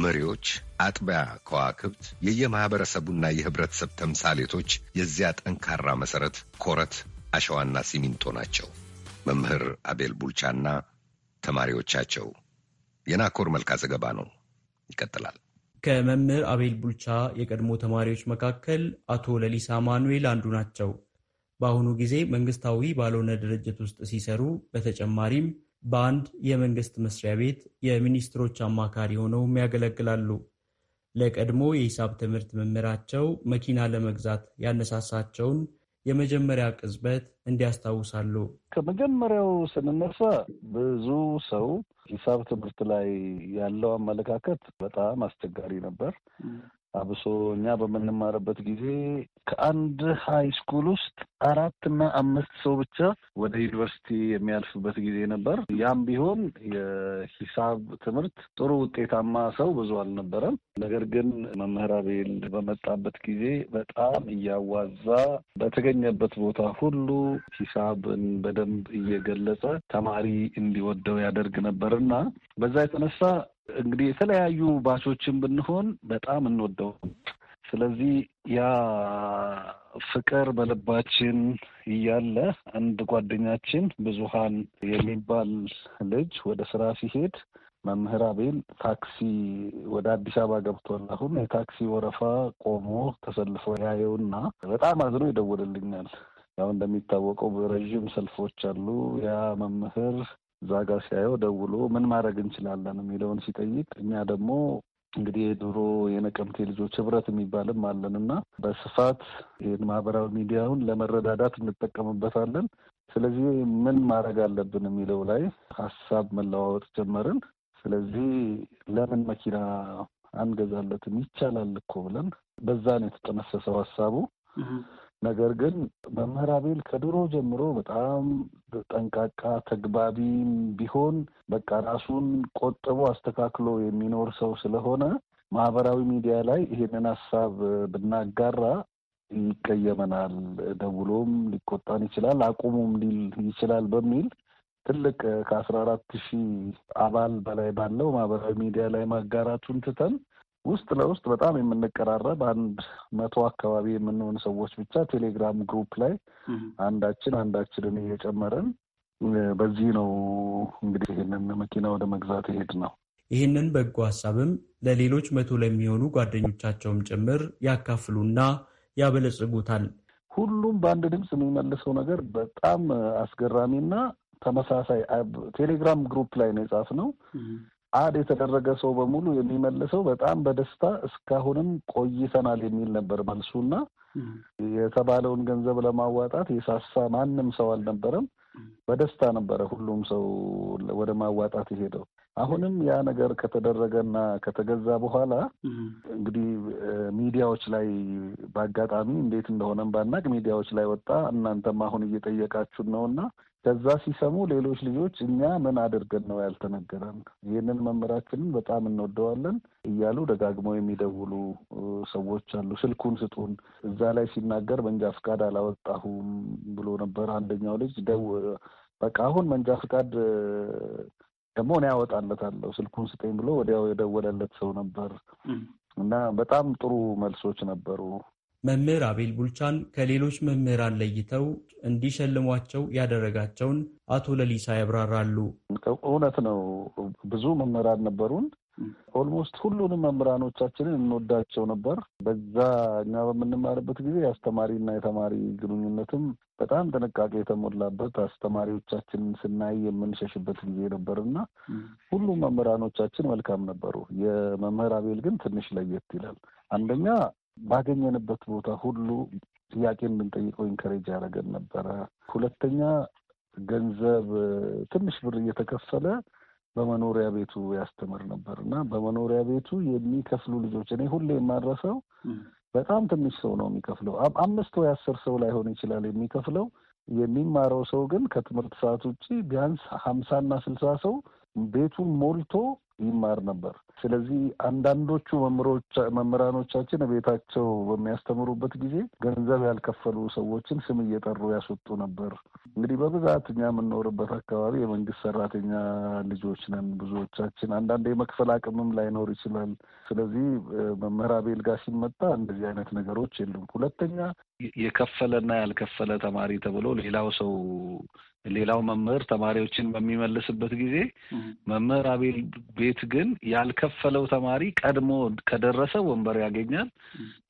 Speaker 1: መሪዎች፣ አጥቢያ ከዋክብት፣ የየማኅበረሰቡና የኅብረተሰብ ተምሳሌቶች የዚያ ጠንካራ መሠረት ኮረት፣ አሸዋና ሲሚንቶ ናቸው። መምህር አቤል ቡልቻና ተማሪዎቻቸው። የናኮር መልካ ዘገባ ነው፣ ይቀጥላል።
Speaker 8: ከመምህር አቤል ቡልቻ የቀድሞ ተማሪዎች መካከል አቶ ለሊሳ ማኑኤል አንዱ ናቸው። በአሁኑ ጊዜ መንግስታዊ ባልሆነ ድርጅት ውስጥ ሲሰሩ በተጨማሪም በአንድ የመንግስት መስሪያ ቤት የሚኒስትሮች አማካሪ ሆነውም ያገለግላሉ። ለቀድሞ የሂሳብ ትምህርት መምህራቸው መኪና ለመግዛት ያነሳሳቸውን የመጀመሪያ ቅጽበት እንዲያስታውሳሉ።
Speaker 3: ከመጀመሪያው ስንነሳ ብዙ ሰው ሂሳብ ትምህርት ላይ ያለው አመለካከት በጣም አስቸጋሪ ነበር። አብሶ እኛ በምንማርበት ጊዜ ከአንድ ሀይ ስኩል ውስጥ አራት እና አምስት ሰው ብቻ ወደ ዩኒቨርሲቲ የሚያልፍበት ጊዜ ነበር። ያም ቢሆን የሂሳብ ትምህርት ጥሩ ውጤታማ ሰው ብዙ አልነበረም። ነገር ግን መምህር አቤል በመጣበት ጊዜ በጣም እያዋዛ በተገኘበት ቦታ ሁሉ ሂሳብን በደንብ እየገለጸ ተማሪ እንዲወደው ያደርግ ነበርና በዛ የተነሳ እንግዲህ የተለያዩ ባቾችን ብንሆን በጣም እንወደው። ስለዚህ ያ ፍቅር በልባችን እያለ አንድ ጓደኛችን ብዙሀን የሚባል ልጅ ወደ ስራ ሲሄድ መምህር አቤል ታክሲ ወደ አዲስ አበባ ገብቷል። አሁን የታክሲ ወረፋ ቆሞ ተሰልፎ ያየውና በጣም አዝኖ ይደውልልኛል። ያው እንደሚታወቀው ረዥም ሰልፎች አሉ። ያ መምህር እዛ ጋር ሲያየው ደውሎ ምን ማድረግ እንችላለን የሚለውን ሲጠይቅ እኛ ደግሞ እንግዲህ የድሮ የነቀምቴ ልጆች ህብረት የሚባልም አለን እና በስፋት ይህን ማህበራዊ ሚዲያውን ለመረዳዳት እንጠቀምበታለን። ስለዚህ ምን ማድረግ አለብን የሚለው ላይ ሀሳብ መለዋወጥ ጀመርን። ስለዚህ ለምን መኪና አንገዛለትም? ይቻላል እኮ ብለን በዛ ነው የተጠነሰሰው ሀሳቡ። ነገር ግን መምህር አቤል ከድሮ ጀምሮ በጣም ጠንቃቃ፣ ተግባቢም ቢሆን በቃ ራሱን ቆጥቦ አስተካክሎ የሚኖር ሰው ስለሆነ ማህበራዊ ሚዲያ ላይ ይሄንን ሀሳብ ብናጋራ ይቀየመናል፣ ደውሎም ሊቆጣን ይችላል፣ አቁሙም ሊል ይችላል በሚል ትልቅ ከአስራ አራት ሺህ አባል በላይ ባለው ማህበራዊ ሚዲያ ላይ ማጋራቱን ትተን ውስጥ ለውስጥ በጣም የምንቀራረብ አንድ መቶ አካባቢ የምንሆን ሰዎች ብቻ ቴሌግራም ግሩፕ ላይ አንዳችን አንዳችንን እየጨመረን በዚህ ነው እንግዲህ ይህንን መኪና ወደ መግዛት ይሄድ ነው።
Speaker 8: ይህንን በጎ ሀሳብም ለሌሎች መቶ ለሚሆኑ ጓደኞቻቸውም ጭምር ያካፍሉና ያበለጽጉታል።
Speaker 3: ሁሉም በአንድ ድምፅ የሚመልሰው ነገር በጣም አስገራሚና ተመሳሳይ ቴሌግራም ግሩፕ ላይ ነው የጻፍነው። አድ የተደረገ ሰው በሙሉ የሚመልሰው በጣም በደስታ እስካሁንም ቆይተናል የሚል ነበር እና የተባለውን ገንዘብ ለማዋጣት የሳሳ ማንም ሰው አልነበረም። በደስታ ነበረ ሁሉም ሰው ወደ ማዋጣት የሄደው። አሁንም ያ ነገር ከተደረገና ከተገዛ በኋላ እንግዲህ ሚዲያዎች ላይ በአጋጣሚ እንዴት እንደሆነም ባናቅ ሚዲያዎች ላይ ወጣ። እናንተም አሁን እየጠየቃችሁን ነው እና ከዛ ሲሰሙ ሌሎች ልጆች እኛ ምን አድርገን ነው ያልተነገረን? ይህንን መምህራችንን በጣም እንወደዋለን እያሉ ደጋግመው የሚደውሉ ሰዎች አሉ። ስልኩን ስጡን፣ እዛ ላይ ሲናገር መንጃ ፍቃድ አላወጣሁም ብሎ ነበር አንደኛው ልጅ ደው በቃ አሁን መንጃ ፍቃድ ደግሞ እኔ ያወጣለታለሁ ስልኩን ስጠኝ ብሎ ወዲያው የደወለለት ሰው ነበር እና በጣም ጥሩ መልሶች ነበሩ።
Speaker 8: መምህር አቤል ቡልቻን ከሌሎች መምህራን ለይተው እንዲሸልሟቸው ያደረጋቸውን አቶ ለሊሳ ያብራራሉ።
Speaker 3: እውነት ነው። ብዙ መምህራን ነበሩን። ኦልሞስት ሁሉንም መምህራኖቻችንን እንወዳቸው ነበር። በዛ እኛ በምንማርበት ጊዜ የአስተማሪና የተማሪ ግንኙነትም በጣም ጥንቃቄ የተሞላበት አስተማሪዎቻችንን ስናይ የምንሸሽበት ጊዜ ነበር እና ሁሉም መምህራኖቻችን መልካም ነበሩ። የመምህር አቤል ግን ትንሽ ለየት ይላል። አንደኛ ባገኘንበት ቦታ ሁሉ ጥያቄ እንድንጠይቀው ኢንከሬጅ ያደረገን ነበረ። ሁለተኛ ገንዘብ ትንሽ ብር እየተከፈለ በመኖሪያ ቤቱ ያስተምር ነበር እና በመኖሪያ ቤቱ የሚከፍሉ ልጆች እኔ ሁሌ የማድረሰው በጣም ትንሽ ሰው ነው የሚከፍለው። አምስት ወይ አስር ሰው ላይሆን ይችላል የሚከፍለው። የሚማረው ሰው ግን ከትምህርት ሰዓት ውጭ ቢያንስ ሀምሳና ስልሳ ሰው ቤቱን ሞልቶ ይማር ነበር። ስለዚህ አንዳንዶቹ መምህራኖቻችን ቤታቸው በሚያስተምሩበት ጊዜ ገንዘብ ያልከፈሉ ሰዎችን ስም እየጠሩ ያስወጡ ነበር። እንግዲህ በብዛት እኛ የምንኖርበት አካባቢ የመንግስት ሰራተኛ ልጆች ነን ብዙዎቻችን። አንዳንድ የመክፈል አቅምም ላይኖር ይችላል። ስለዚህ መምህር አቤል ጋር ሲመጣ እንደዚህ አይነት ነገሮች የሉም። ሁለተኛ የከፈለና ያልከፈለ ተማሪ ተብሎ ሌላው ሰው ሌላው መምህር ተማሪዎችን በሚመልስበት ጊዜ መምህር አቤል ቤት ግን ያልከፈለው ተማሪ ቀድሞ ከደረሰ ወንበር ያገኛል።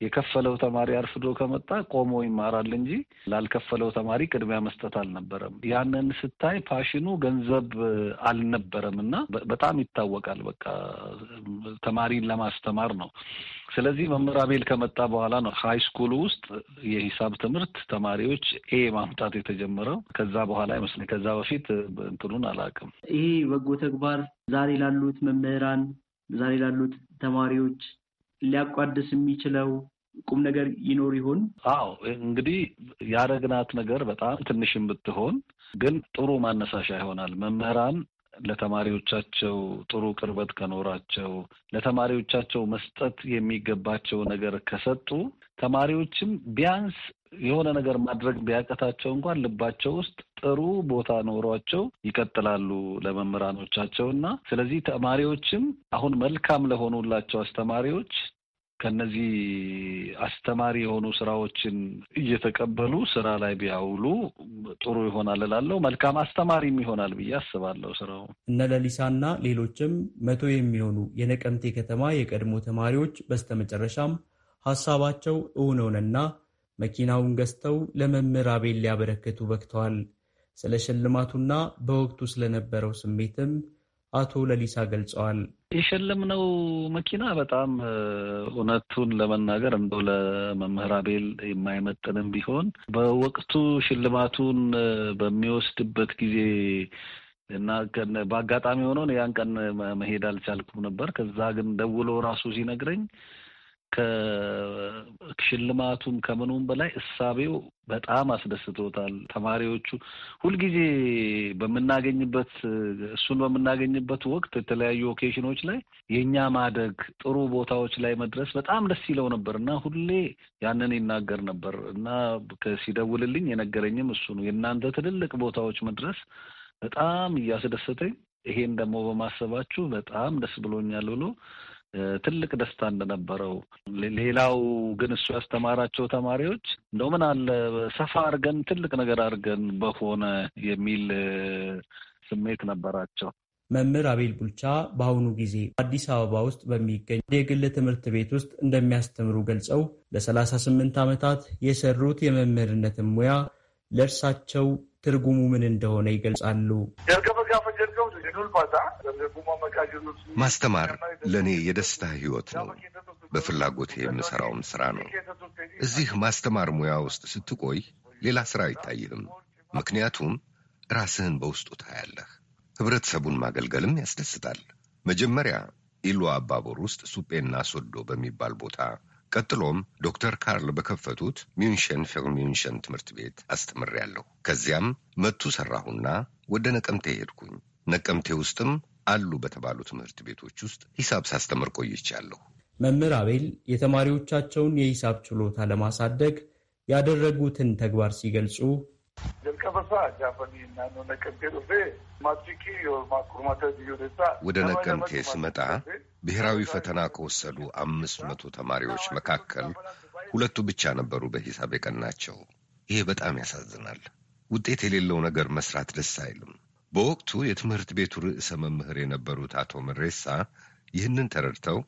Speaker 3: የከፈለው ተማሪ አርፍዶ ከመጣ ቆሞ ይማራል እንጂ ላልከፈለው ተማሪ ቅድሚያ መስጠት አልነበረም። ያንን ስታይ ፓሽኑ ገንዘብ አልነበረም እና በጣም ይታወቃል። በቃ ተማሪን ለማስተማር ነው። ስለዚህ መምህር አቤል ከመጣ በኋላ ነው ሀይ ስኩል ውስጥ የሂሳብ ትምህርት ተማሪዎች ኤ ማምጣት የተጀመረው። ከዛ በኋላ ይመስለኝ ከዛ በፊት እንትኑን አላውቅም።
Speaker 8: ይሄ በጎ ተግባር ዛሬ ላሉት መምህራን፣ ዛሬ ላሉት ተማሪዎች ሊያቋድስ የሚችለው
Speaker 3: ቁም ነገር ይኖር ይሆን? አዎ እንግዲህ ያረግናት ነገር በጣም ትንሽም ብትሆን ግን ጥሩ ማነሳሻ ይሆናል። መምህራን ለተማሪዎቻቸው ጥሩ ቅርበት ከኖራቸው ለተማሪዎቻቸው መስጠት የሚገባቸው ነገር ከሰጡ ተማሪዎችም ቢያንስ የሆነ ነገር ማድረግ ቢያቀታቸው እንኳን ልባቸው ውስጥ ጥሩ ቦታ ኖሯቸው ይቀጥላሉ ለመምህራኖቻቸው እና ስለዚህ ተማሪዎችም አሁን መልካም ለሆኑላቸው አስተማሪዎች ከነዚህ አስተማሪ የሆኑ ስራዎችን እየተቀበሉ ስራ ላይ ቢያውሉ ጥሩ ይሆናል እላለሁ። መልካም አስተማሪም ይሆናል ብዬ አስባለሁ። ስራው
Speaker 8: እነ ለሊሳና ሌሎችም መቶ የሚሆኑ የነቀምቴ ከተማ የቀድሞ ተማሪዎች በስተመጨረሻም ሀሳባቸው እውን መኪናውን ገዝተው ለመምህር አቤል ሊያበረክቱ በክተዋል። ስለ ሽልማቱና በወቅቱ ስለነበረው ስሜትም አቶ ለሊሳ ገልጸዋል።
Speaker 3: የሸለምነው መኪና በጣም እውነቱን ለመናገር እንደ ለመምህር አቤል የማይመጥንም ቢሆን በወቅቱ ሽልማቱን በሚወስድበት ጊዜ እና በአጋጣሚ ሆኖ ያን ቀን መሄድ አልቻልኩም ነበር። ከዛ ግን ደውሎ ራሱ ሲነግረኝ ከሽልማቱም ከምኑም በላይ እሳቤው በጣም አስደስቶታል። ተማሪዎቹ ሁልጊዜ በምናገኝበት እሱን በምናገኝበት ወቅት የተለያዩ ኦኬሽኖች ላይ የእኛ ማደግ ጥሩ ቦታዎች ላይ መድረስ በጣም ደስ ይለው ነበር እና ሁሌ ያንን ይናገር ነበር እና ሲደውልልኝ የነገረኝም እሱ ነው። የእናንተ ትልልቅ ቦታዎች መድረስ በጣም እያስደሰተኝ ይሄን ደግሞ በማሰባችሁ በጣም ደስ ብሎኛል ብሎ ትልቅ ደስታ እንደነበረው። ሌላው ግን እሱ ያስተማራቸው ተማሪዎች እንደው ምን አለ ሰፋ አድርገን ትልቅ ነገር አድርገን በሆነ የሚል ስሜት ነበራቸው።
Speaker 8: መምህር አቤል ቡልቻ በአሁኑ ጊዜ አዲስ አበባ ውስጥ በሚገኝ የግል ትምህርት ቤት ውስጥ እንደሚያስተምሩ ገልጸው ለ38 ዓመታት የሰሩት የመምህርነትን ሙያ ለእርሳቸው ትርጉሙ ምን እንደሆነ ይገልጻሉ። በጋ
Speaker 1: ማስተማር ለእኔ የደስታ ህይወት ነው። በፍላጎት የምሰራውም ስራ ነው። እዚህ ማስተማር ሙያ ውስጥ ስትቆይ ሌላ ስራ አይታይህም። ምክንያቱም ራስህን በውስጡ ታያለህ። ህብረተሰቡን ማገልገልም ያስደስታል። መጀመሪያ ኢሉ አባቦር ውስጥ ሱጴና ሶዶ በሚባል ቦታ ቀጥሎም ዶክተር ካርል በከፈቱት ሚንሽን ፊልም ሚንሽን ትምህርት ቤት አስተምሬያለሁ። ከዚያም መቱ ሰራሁና ወደ ነቀምቴ ሄድኩኝ። ነቀምቴ ውስጥም አሉ በተባሉ ትምህርት ቤቶች ውስጥ ሂሳብ ሳስተምር ቆይቻለሁ።
Speaker 8: መምህር አቤል የተማሪዎቻቸውን የሂሳብ ችሎታ ለማሳደግ ያደረጉትን ተግባር ሲገልጹ
Speaker 3: ወደ
Speaker 1: ነቀምቴ ስመጣ ብሔራዊ ፈተና ከወሰዱ አምስት መቶ ተማሪዎች መካከል ሁለቱ ብቻ ነበሩ በሂሳብ የቀናቸው። ይሄ በጣም ያሳዝናል። ውጤት የሌለው ነገር መስራት ደስ አይልም። በወቅቱ የትምህርት ቤቱ ርዕሰ መምህር የነበሩት አቶ መሬሳ ይህንን ተረድተው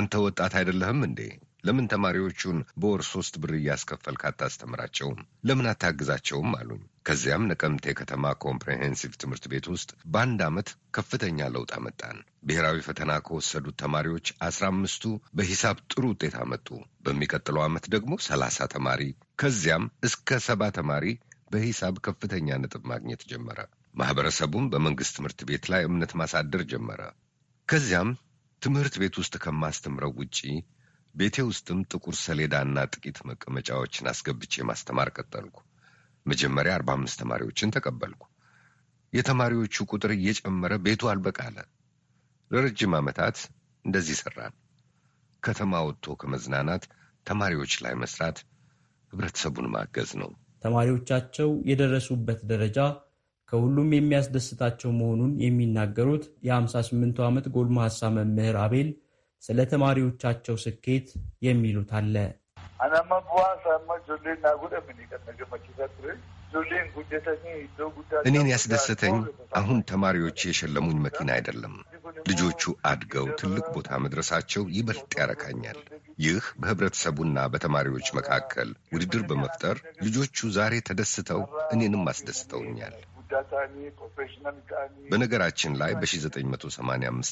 Speaker 1: አንተ ወጣት አይደለህም እንዴ ለምን ተማሪዎቹን በወር ሶስት ብር እያስከፈልክ አታስተምራቸውም? ለምን አታግዛቸውም? አሉኝ። ከዚያም ነቀምቴ ከተማ ኮምፕሬሄንሲቭ ትምህርት ቤት ውስጥ በአንድ ዓመት ከፍተኛ ለውጥ አመጣን። ብሔራዊ ፈተና ከወሰዱት ተማሪዎች አስራ አምስቱ በሂሳብ ጥሩ ውጤት አመጡ። በሚቀጥለው ዓመት ደግሞ ሰላሳ ተማሪ ከዚያም እስከ ሰባ ተማሪ በሂሳብ ከፍተኛ ነጥብ ማግኘት ጀመረ። ማህበረሰቡም በመንግሥት ትምህርት ቤት ላይ እምነት ማሳደር ጀመረ። ከዚያም ትምህርት ቤት ውስጥ ከማስተምረው ውጪ ቤቴ ውስጥም ጥቁር ሰሌዳና ጥቂት መቀመጫዎችን አስገብቼ ማስተማር ቀጠልኩ። መጀመሪያ አርባ አምስት ተማሪዎችን ተቀበልኩ። የተማሪዎቹ ቁጥር እየጨመረ ቤቱ አልበቃለ። ለረጅም ዓመታት እንደዚህ ሠራን። ከተማ ወጥቶ ከመዝናናት ተማሪዎች ላይ መስራት ህብረተሰቡን ማገዝ ነው።
Speaker 8: ተማሪዎቻቸው የደረሱበት ደረጃ ከሁሉም የሚያስደስታቸው መሆኑን የሚናገሩት የ58ቱ ዓመት ጎልማሳ መምህር አቤል ስለ ተማሪዎቻቸው ስኬት የሚሉት
Speaker 1: አለ። እኔን ያስደሰተኝ አሁን ተማሪዎች የሸለሙኝ መኪና አይደለም፣ ልጆቹ አድገው ትልቅ ቦታ መድረሳቸው ይበልጥ ያረካኛል። ይህ በህብረተሰቡና በተማሪዎች መካከል ውድድር በመፍጠር ልጆቹ ዛሬ ተደስተው እኔንም አስደስተውኛል። በነገራችን ላይ በ1985 ዓ ም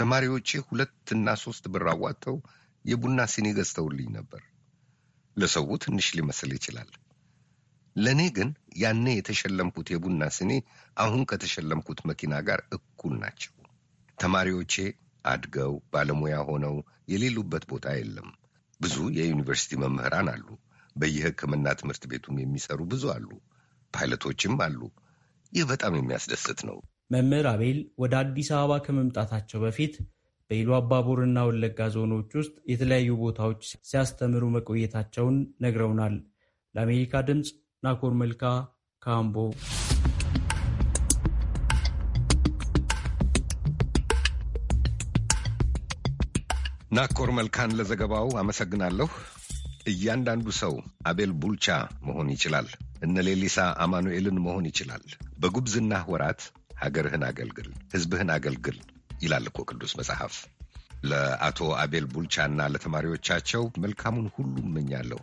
Speaker 1: ተማሪዎቼ ሁለት እና ሶስት ብር አዋጥተው የቡና ሲኒ ገዝተውልኝ ነበር። ለሰው ትንሽ ሊመስል ይችላል። ለእኔ ግን ያኔ የተሸለምኩት የቡና ስኒ አሁን ከተሸለምኩት መኪና ጋር እኩል ናቸው። ተማሪዎቼ አድገው ባለሙያ ሆነው የሌሉበት ቦታ የለም። ብዙ የዩኒቨርሲቲ መምህራን አሉ። በየሕክምና ትምህርት ቤቱም የሚሰሩ ብዙ አሉ። ፓይለቶችም አሉ። ይህ በጣም የሚያስደስት ነው።
Speaker 8: መምህር አቤል ወደ አዲስ አበባ ከመምጣታቸው በፊት በኢሉ አባቦርና ወለጋ ዞኖች ውስጥ የተለያዩ ቦታዎች ሲያስተምሩ መቆየታቸውን ነግረውናል። ለአሜሪካ ድምፅ ናኮር መልካ
Speaker 1: ካምቦ። ናኮር መልካን ለዘገባው አመሰግናለሁ። እያንዳንዱ ሰው አቤል ቡልቻ መሆን ይችላል። እነ ሌሊሳ አማኑኤልን መሆን ይችላል። በጉብዝናህ ወራት ሀገርህን አገልግል፣ ህዝብህን አገልግል ይላል እኮ ቅዱስ መጽሐፍ። ለአቶ አቤል ቡልቻና ለተማሪዎቻቸው መልካሙን ሁሉ እመኛለሁ።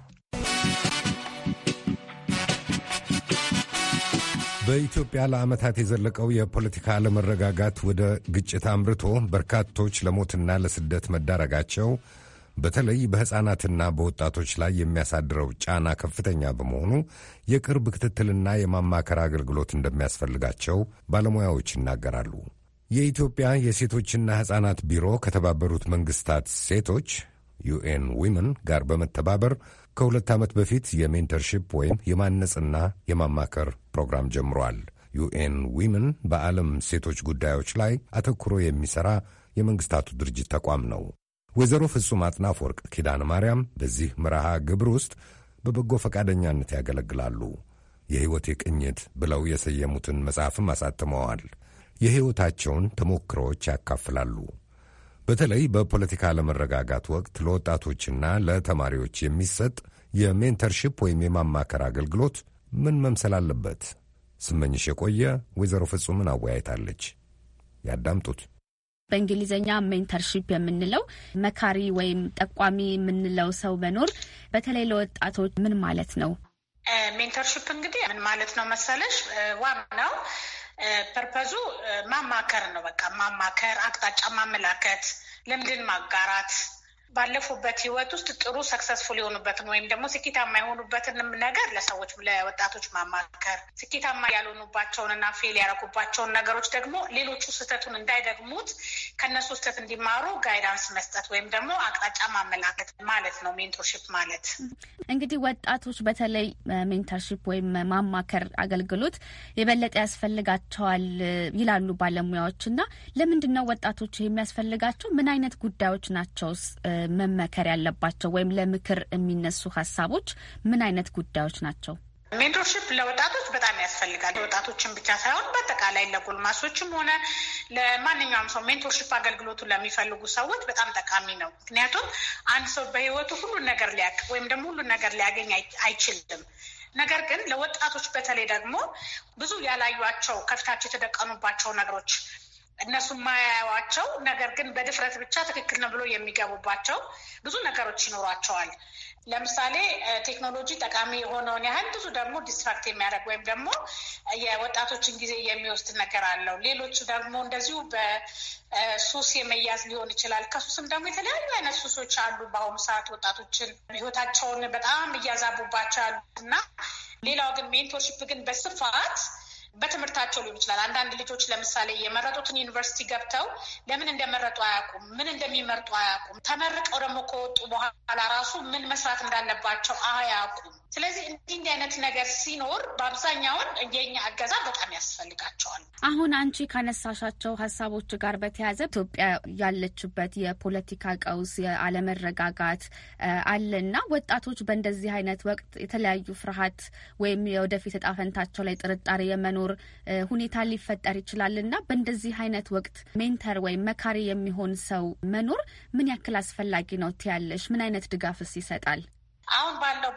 Speaker 1: በኢትዮጵያ ለዓመታት የዘለቀው የፖለቲካ አለመረጋጋት ወደ ግጭት አምርቶ በርካቶች ለሞትና ለስደት መዳረጋቸው በተለይ በሕፃናትና በወጣቶች ላይ የሚያሳድረው ጫና ከፍተኛ በመሆኑ የቅርብ ክትትልና የማማከር አገልግሎት እንደሚያስፈልጋቸው ባለሙያዎች ይናገራሉ። የኢትዮጵያ የሴቶችና ሕፃናት ቢሮ ከተባበሩት መንግስታት ሴቶች ዩኤን ዊመን ጋር በመተባበር ከሁለት ዓመት በፊት የሜንተርሺፕ ወይም የማነጽና የማማከር ፕሮግራም ጀምሯል። ዩኤን ዊመን በዓለም ሴቶች ጉዳዮች ላይ አተኩሮ የሚሠራ የመንግሥታቱ ድርጅት ተቋም ነው። ወይዘሮ ፍጹም አጥናፍ ወርቅ ኪዳን ማርያም በዚህ መርሃ ግብር ውስጥ በበጎ ፈቃደኛነት ያገለግላሉ። የሕይወቴ ቅኝት ብለው የሰየሙትን መጽሐፍም አሳትመዋል። የሕይወታቸውን ተሞክሮዎች ያካፍላሉ። በተለይ በፖለቲካ አለመረጋጋት ወቅት ለወጣቶችና ለተማሪዎች የሚሰጥ የሜንተርሺፕ ወይም የማማከር አገልግሎት ምን መምሰል አለበት? ስመኝሽ የቆየ ወይዘሮ ፍጹምን አወያይታለች። ያዳምጡት።
Speaker 9: በእንግሊዝኛ ሜንተርሺፕ የምንለው መካሪ ወይም ጠቋሚ የምንለው ሰው በኖር በተለይ ለወጣቶች ምን ማለት ነው?
Speaker 10: ሜንተርሺፕ እንግዲህ ምን ማለት ነው መሰለሽ ዋናው ፐርፐዙ ማማከር ነው። በቃ ማማከር፣ አቅጣጫ ማመላከት፣ ልምድን ማጋራት ባለፉበት ህይወት ውስጥ ጥሩ ሰክሰስፉል የሆኑበትን ወይም ደግሞ ስኬታማ የሆኑበትንም ነገር ለሰዎች ለወጣቶች ማማከር ስኬታማ ያልሆኑባቸውን እና ፌል ያደረጉባቸውን ነገሮች ደግሞ ሌሎቹ ስህተቱን እንዳይደግሙት ከነሱ ስህተት እንዲማሩ ጋይዳንስ መስጠት ወይም ደግሞ አቅጣጫ ማመላከት ማለት ነው ሜንቶርሽፕ ማለት።
Speaker 9: እንግዲህ ወጣቶች በተለይ ሜንተርሽፕ ወይም ማማከር አገልግሎት የበለጠ ያስፈልጋቸዋል ይላሉ ባለሙያዎች እና ለምንድን ነው ወጣቶች የሚያስፈልጋቸው? ምን አይነት ጉዳዮች ናቸውስ መመከር ያለባቸው ወይም ለምክር የሚነሱ ሀሳቦች ምን አይነት ጉዳዮች ናቸው?
Speaker 10: ሜንቶርሽፕ ለወጣቶች በጣም ያስፈልጋል። ለወጣቶችን ብቻ ሳይሆን በአጠቃላይ ለጎልማሶችም ሆነ ለማንኛውም ሰው ሜንቶርሽፕ አገልግሎቱ ለሚፈልጉ ሰዎች በጣም ጠቃሚ ነው። ምክንያቱም አንድ ሰው በህይወቱ ሁሉን ነገር ሊያቅ ወይም ደግሞ ሁሉን ነገር ሊያገኝ አይችልም። ነገር ግን ለወጣቶች በተለይ ደግሞ ብዙ ያላዩቸው ከፊታቸው የተደቀኑባቸው ነገሮች እነሱ የማያዩዋቸው ነገር ግን በድፍረት ብቻ ትክክል ነው ብሎ የሚገቡባቸው ብዙ ነገሮች ይኖሯቸዋል። ለምሳሌ ቴክኖሎጂ ጠቃሚ የሆነውን ያህል ብዙ ደግሞ ዲስትራክት የሚያደርግ ወይም ደግሞ የወጣቶችን ጊዜ የሚወስድ ነገር አለው። ሌሎቹ ደግሞ እንደዚሁ በሱስ የመያዝ ሊሆን ይችላል። ከሱስም ደግሞ የተለያዩ አይነት ሱሶች አሉ። በአሁኑ ሰዓት ወጣቶችን ህይወታቸውን በጣም እያዛቡባቸው ያሉት እና ሌላው ግን ሜንቶርሺፕ ግን በስፋት በትምህርታቸው ሊሆን ይችላል። አንዳንድ ልጆች ለምሳሌ የመረጡትን ዩኒቨርሲቲ ገብተው ለምን እንደመረጡ አያውቁም፣ ምን እንደሚመርጡ አያውቁም። ተመርቀው ደግሞ ከወጡ በኋላ ራሱ ምን መስራት እንዳለባቸው አያውቁም። ስለዚህ እንዲህ እንዲህ አይነት ነገር ሲኖር በአብዛኛውን የኛ እገዛ በጣም ያስፈልጋቸዋል።
Speaker 9: አሁን አንቺ ካነሳሻቸው ሀሳቦች ጋር በተያያዘ ኢትዮጵያ ያለችበት የፖለቲካ ቀውስ የአለመረጋጋት አለ ወጣቶች በእንደዚህ አይነት ወቅት የተለያዩ ፍርሃት ወይም የወደፊት እጣ ፈንታቸው ላይ ጥርጣሬ የመኖር የመኖር ሁኔታ ሊፈጠር ይችላል እና በእንደዚህ አይነት ወቅት ሜንተር ወይም መካሪ የሚሆን ሰው መኖር ምን ያክል አስፈላጊ ነው ትያለሽ? ምን አይነት ድጋፍስ ይሰጣል?
Speaker 10: አሁን ባለው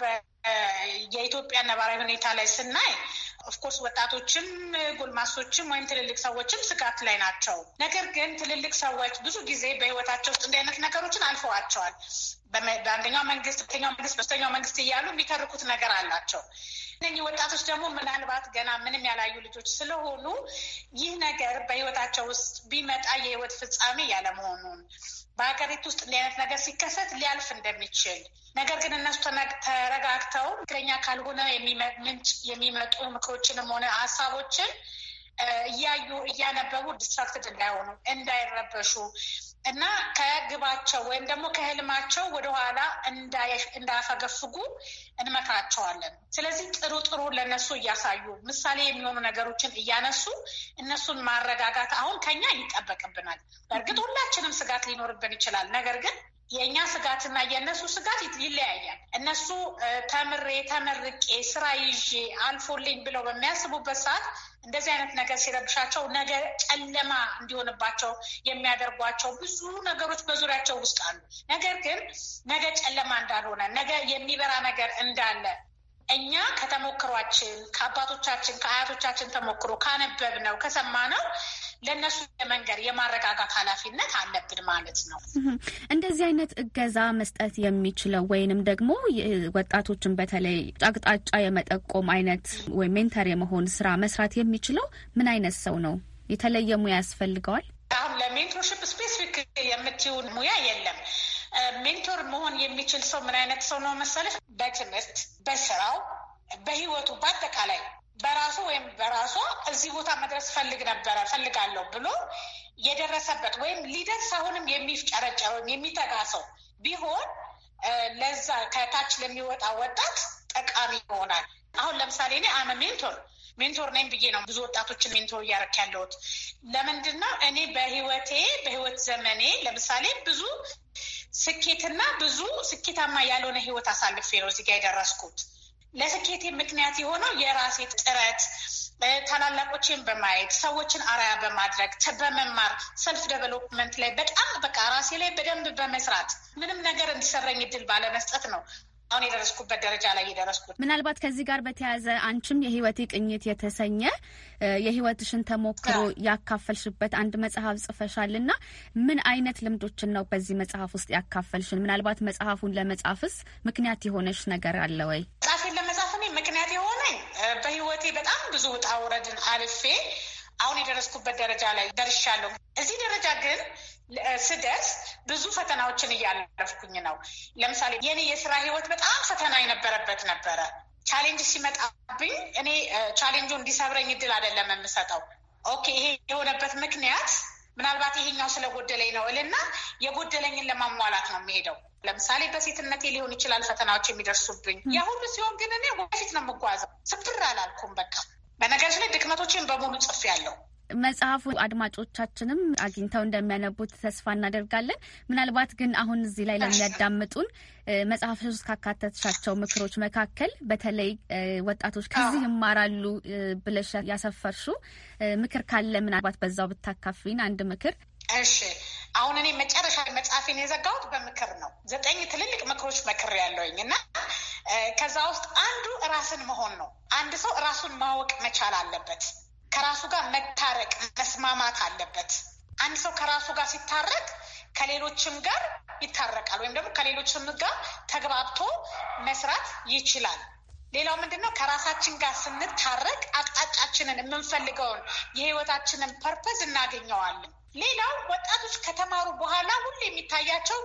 Speaker 10: የኢትዮጵያ ነባራዊ ሁኔታ ላይ ስናይ ኦፍኮርስ ወጣቶችም ጎልማሶችም ወይም ትልልቅ ሰዎችም ስጋት ላይ ናቸው። ነገር ግን ትልልቅ ሰዎች ብዙ ጊዜ በህይወታቸው ውስጥ እንዲህ አይነት ነገሮችን አልፈዋቸዋል። በአንደኛው መንግስት፣ ሁለተኛው መንግስት፣ በሶስተኛው መንግስት እያሉ የሚተርኩት ነገር አላቸው። እነኚህ ወጣቶች ደግሞ ምናልባት ገና ምንም ያላዩ ልጆች ስለሆኑ ይህ ነገር በህይወታቸው ውስጥ ቢመጣ የህይወት ፍጻሜ ያለመሆኑን በሀገሪቱ ውስጥ እንዲህ አይነት ነገር ሲከሰት ሊያልፍ እንደሚችል ነገር ግን እነሱ ተረጋግተው ትክክለኛ ካልሆነ ምንጭ የሚመጡ ምክሮችንም ሆነ ሀሳቦችን እያዩ እያነበቡ ዲስትራክትድ እንዳይሆኑ፣ እንዳይረበሹ እና ከግባቸው ወይም ደግሞ ከህልማቸው ወደኋላ እንዳያፈገፍጉ እንመክራቸዋለን። ስለዚህ ጥሩ ጥሩ ለነሱ እያሳዩ ምሳሌ የሚሆኑ ነገሮችን እያነሱ እነሱን ማረጋጋት አሁን ከኛ ይጠበቅብናል። በእርግጥ ሁላችንም ስጋት ሊኖርብን ይችላል። ነገር ግን የእኛ ስጋትና የእነሱ ስጋት ይለያያል። እነሱ ተምሬ ተመርቄ ስራ ይዤ አልፎልኝ ብለው በሚያስቡበት ሰዓት እንደዚህ አይነት ነገር ሲረብሻቸው ነገ ጨለማ እንዲሆንባቸው የሚያደርጓቸው ብዙ ነገሮች በዙሪያቸው ውስጥ አሉ። ነገር ግን ነገ ጨለማ እንዳልሆነ ነገ የሚበራ ነገር እንዳለ እኛ ከተሞክሯችን ከአባቶቻችን ከአያቶቻችን ተሞክሮ ካነበብነው ከሰማነው ለእነሱ የመንገር የማረጋጋት ኃላፊነት አለብን ማለት ነው።
Speaker 9: እንደዚህ አይነት እገዛ መስጠት የሚችለው ወይንም ደግሞ ወጣቶችን በተለይ አቅጣጫ የመጠቆም አይነት ወይም ሜንተር የመሆን ስራ መስራት የሚችለው ምን አይነት ሰው ነው? የተለየ ሙያ ያስፈልገዋል?
Speaker 10: አሁን ለሜንቶርሽፕ ስፔሲፊክ የምትውን ሙያ የለም። ሜንቶር መሆን የሚችል ሰው ምን አይነት ሰው ነው መሰለሽ? በትምህርት፣ በስራው፣ በህይወቱ በአጠቃላይ በራሱ ወይም በራሷ እዚህ ቦታ መድረስ ፈልግ ነበረ ፈልጋለሁ ብሎ የደረሰበት ወይም ሊደርስ አሁንም የሚፍጨረጨር ወይም የሚተጋ ሰው ቢሆን ለዛ ከታች ለሚወጣ ወጣት ጠቃሚ ይሆናል። አሁን ለምሳሌ እኔ አመ ሜንቶር ሜንቶር ነኝ ብዬ ነው ብዙ ወጣቶችን ሜንቶር እያደረክ ያለሁት። ለምንድን ነው እኔ በህይወቴ በህይወት ዘመኔ ለምሳሌ ብዙ ስኬትና ብዙ ስኬታማ ያልሆነ ህይወት አሳልፌ ነው እዚጋ የደረስኩት። ለስኬቴ ምክንያት የሆነው የራሴ ጥረት ታላላቆችን በማየት ሰዎችን አራያ በማድረግ በመማር ሰልፍ ደቨሎፕመንት ላይ በጣም በቃ ራሴ ላይ በደንብ በመስራት ምንም ነገር እንዲሰረኝ እድል ባለመስጠት ነው አሁን የደረስኩበት ደረጃ ላይ የደረስኩት።
Speaker 9: ምናልባት ከዚህ ጋር በተያያዘ አንቺም የህይወቴ ቅኝት የተሰኘ የህይወትሽን ተሞክሮ ያካፈልሽበት አንድ መጽሐፍ ጽፈሻል እና ምን አይነት ልምዶችን ነው በዚህ መጽሐፍ ውስጥ ያካፈልሽን? ምናልባት መጽሐፉን ለመጻፍስ ምክንያት የሆነሽ ነገር አለ ወይ?
Speaker 10: በጣም ብዙ ውጣ ውረድን አልፌ አሁን የደረስኩበት ደረጃ ላይ ደርሻለሁ። እዚህ ደረጃ ግን ስደርስ ብዙ ፈተናዎችን እያለፍኩኝ ነው። ለምሳሌ የኔ የስራ ህይወት በጣም ፈተና የነበረበት ነበረ። ቻሌንጅ ሲመጣብኝ እኔ ቻሌንጁ እንዲሰብረኝ እድል አይደለም የምሰጠው። ኦኬ ይሄ የሆነበት ምክንያት ምናልባት ይሄኛው ስለጎደለኝ ነው እልና የጎደለኝን ለማሟላት ነው የሚሄደው። ለምሳሌ በሴትነቴ ሊሆን ይችላል ፈተናዎች የሚደርሱብኝ። ያ ሲሆን ግን እኔ ወደፊት ነው የምጓዘው። ስብር አላልኩም። በቃ በነገሮች ላይ ድክመቶችን በሙሉ ጽፍ ያለው
Speaker 9: መጽሐፉ አድማጮቻችንም አግኝተው እንደሚያነቡት ተስፋ እናደርጋለን። ምናልባት ግን አሁን እዚህ ላይ ለሚያዳምጡን መጽሐፍ ውስጥ ካካተትሻቸው ምክሮች መካከል በተለይ ወጣቶች ከዚህ ይማራሉ ብለሽ ያሰፈርሹ ምክር ካለ ምናልባት በዛው ብታካፊን አንድ ምክር
Speaker 10: እሺ አሁን እኔ መጨረሻ መጽሐፌን የዘጋሁት በምክር ነው። ዘጠኝ ትልልቅ ምክሮች መክር ያለውኝ እና ከዛ ውስጥ አንዱ ራስን መሆን ነው። አንድ ሰው ራሱን ማወቅ መቻል አለበት። ከራሱ ጋር መታረቅ መስማማት አለበት። አንድ ሰው ከራሱ ጋር ሲታረቅ ከሌሎችም ጋር ይታረቃል፣ ወይም ደግሞ ከሌሎችም ጋር ተግባብቶ መስራት ይችላል። ሌላው ምንድን ነው? ከራሳችን ጋር ስንታረቅ አቅጣጫችንን የምንፈልገውን የህይወታችንን ፐርፐዝ እናገኘዋለን። ሌላው ወጣቶች ከተማሩ በኋላ ሁሉ የሚታያቸው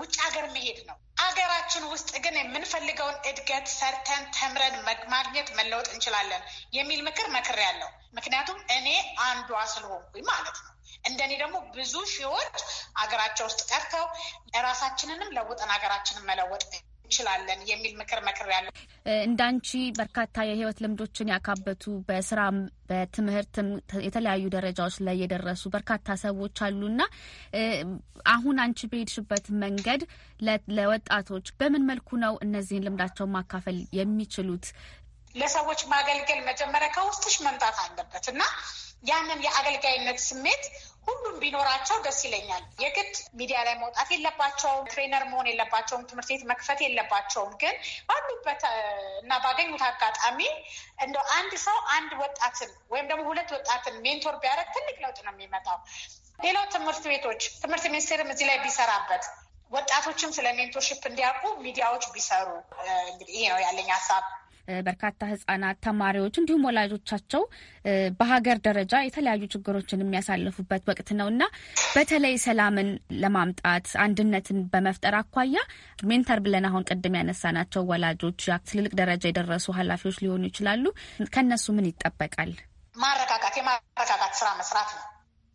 Speaker 10: ውጭ ሀገር መሄድ ነው። አገራችን ውስጥ ግን የምንፈልገውን እድገት ሰርተን ተምረን ማግኘት መለወጥ እንችላለን የሚል ምክር መክር ያለው ምክንያቱም እኔ አንዷ ስለሆንኩኝ ማለት ነው። እንደኔ ደግሞ ብዙ ሺዎች አገራቸው ውስጥ ቀርተው ራሳችንንም ለውጠን ሀገራችንን መለወጥ እንችላለን የሚል ምክር መክር ያለ
Speaker 9: እንዳንቺ በርካታ የህይወት ልምዶችን ያካበቱ በስራም በትምህርትም የተለያዩ ደረጃዎች ላይ የደረሱ በርካታ ሰዎች አሉና አሁን አንቺ በሄድሽበት መንገድ ለወጣቶች በምን መልኩ ነው እነዚህን ልምዳቸውን ማካፈል የሚችሉት?
Speaker 10: ለሰዎች ማገልገል መጀመሪያ ከውስጥሽ መምጣት አለበት እና ያንን የአገልጋይነት ስሜት ሁሉም ቢኖራቸው ደስ ይለኛል። የግድ ሚዲያ ላይ መውጣት የለባቸውም፣ ትሬነር መሆን የለባቸውም፣ ትምህርት ቤት መክፈት የለባቸውም። ግን ባሉበት እና ባገኙት አጋጣሚ እንደ አንድ ሰው አንድ ወጣትን ወይም ደግሞ ሁለት ወጣትን ሜንቶር ቢያደርግ ትልቅ ለውጥ ነው የሚመጣው። ሌላው ትምህርት ቤቶች፣ ትምህርት ሚኒስቴርም እዚህ ላይ ቢሰራበት ወጣቶችም ስለ ሜንቶርሽፕ እንዲያውቁ ሚዲያዎች ቢሰሩ። እንግዲህ ይሄ ነው ያለኝ ሀሳብ።
Speaker 9: በርካታ ህጻናት፣ ተማሪዎች እንዲሁም ወላጆቻቸው በሀገር ደረጃ የተለያዩ ችግሮችን የሚያሳልፉበት ወቅት ነው እና በተለይ ሰላምን ለማምጣት አንድነትን በመፍጠር አኳያ ሜንተር ብለን አሁን ቅድም ያነሳናቸው ወላጆች፣ ትልልቅ ደረጃ የደረሱ ኃላፊዎች ሊሆኑ ይችላሉ። ከነሱ ምን ይጠበቃል?
Speaker 10: ማረጋጋት የማረጋጋት ስራ መስራት ነው።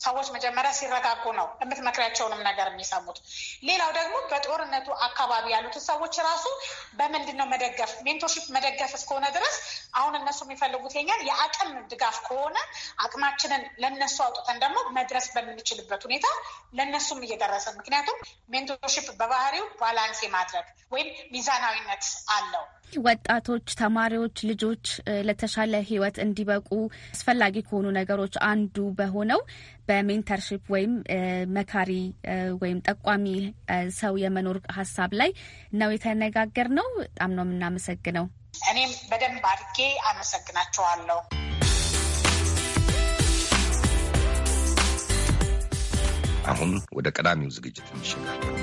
Speaker 10: ሰዎች መጀመሪያ ሲረጋጉ ነው የምትመክሪያቸውንም ነገር የሚሰሙት። ሌላው ደግሞ በጦርነቱ አካባቢ ያሉትን ሰዎች ራሱ በምንድን ነው መደገፍ ሜንቶርሽፕ መደገፍ እስከሆነ ድረስ አሁን እነሱ የሚፈልጉት የኛን የአቅም ድጋፍ ከሆነ አቅማችንን ለነሱ አውጥተን ደግሞ መድረስ በምንችልበት ሁኔታ ለነሱም እየደረሰ ምክንያቱም ሜንቶርሽፕ በባህሪው ባላንስ የማድረግ ወይም ሚዛናዊነት አለው።
Speaker 9: ወጣቶች፣ ተማሪዎች፣ ልጆች ለተሻለ ህይወት እንዲበቁ አስፈላጊ ከሆኑ ነገሮች አንዱ በሆነው በሜንተርሺፕ ወይም መካሪ ወይም ጠቋሚ ሰው የመኖር ሀሳብ ላይ ነው የተነጋገር ነው። በጣም ነው የምናመሰግነው።
Speaker 10: እኔም በደንብ አድርጌ አመሰግናችኋለሁ።
Speaker 1: አሁን ወደ ቀዳሚው ዝግጅት እንሸጋለን።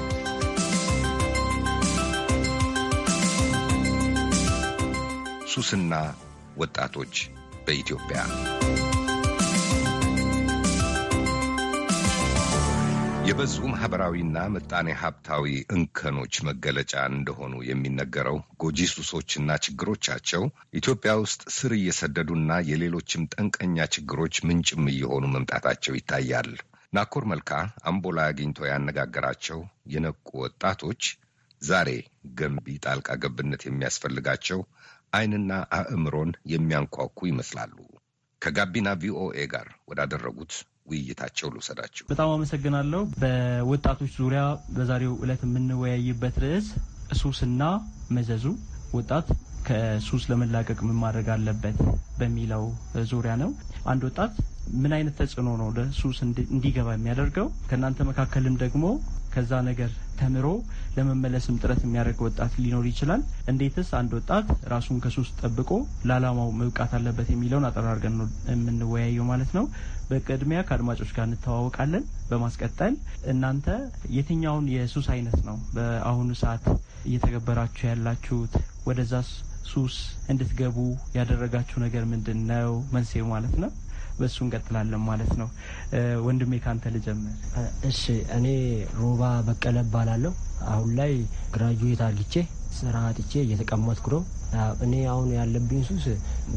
Speaker 1: ሱስና ወጣቶች በኢትዮጵያ የበዙ ማህበራዊና ምጣኔ ሀብታዊ እንከኖች መገለጫ እንደሆኑ የሚነገረው ጎጂ ሱሶችና ችግሮቻቸው ኢትዮጵያ ውስጥ ስር እየሰደዱና የሌሎችም ጠንቀኛ ችግሮች ምንጭም እየሆኑ መምጣታቸው ይታያል። ናኮር መልካ አምቦ ላይ አግኝቶ ያነጋገራቸው የነቁ ወጣቶች ዛሬ ገንቢ ጣልቃ ገብነት የሚያስፈልጋቸው አይንና አእምሮን የሚያንኳኩ ይመስላሉ። ከጋቢና ቪኦኤ ጋር ወዳደረጉት ውይይታቸው ልውሰዳችሁ። በጣም
Speaker 8: አመሰግናለሁ። በወጣቶች ዙሪያ በዛሬው ዕለት የምንወያይበት ርዕስ ሱስና መዘዙ ወጣት ከሱስ ለመላቀቅ ምን ማድረግ አለበት በሚለው ዙሪያ ነው። አንድ ወጣት ምን አይነት ተጽዕኖ ነው ለሱስ እንዲገባ የሚያደርገው? ከእናንተ መካከልም ደግሞ ከዛ ነገር ተምሮ ለመመለስም ጥረት የሚያደርግ ወጣት ሊኖር ይችላል። እንዴትስ አንድ ወጣት ራሱን ከሱስ ጠብቆ ለዓላማው መብቃት አለበት የሚለውን አጠራርገን ነው የምንወያየው ማለት ነው። በቅድሚያ ከአድማጮች ጋር እንተዋወቃለን። በማስቀጠል እናንተ የትኛውን የሱስ አይነት ነው በአሁኑ ሰዓት እየተገበራችሁ ያላችሁት? ወደዛ ሱስ እንድትገቡ ያደረጋችሁ ነገር ምንድን ነው? መንስኤው ማለት ነው። በእሱ እንቀጥላለን ማለት ነው። ወንድሜ ካንተ ልጀምር።
Speaker 11: እሺ፣ እኔ ሮባ በቀለ እባላለሁ። አሁን ላይ ግራጁዌት አርግቼ ስራ አጥቼ እየተቀመጥኩ ነው። እኔ አሁን ያለብኝ ሱስ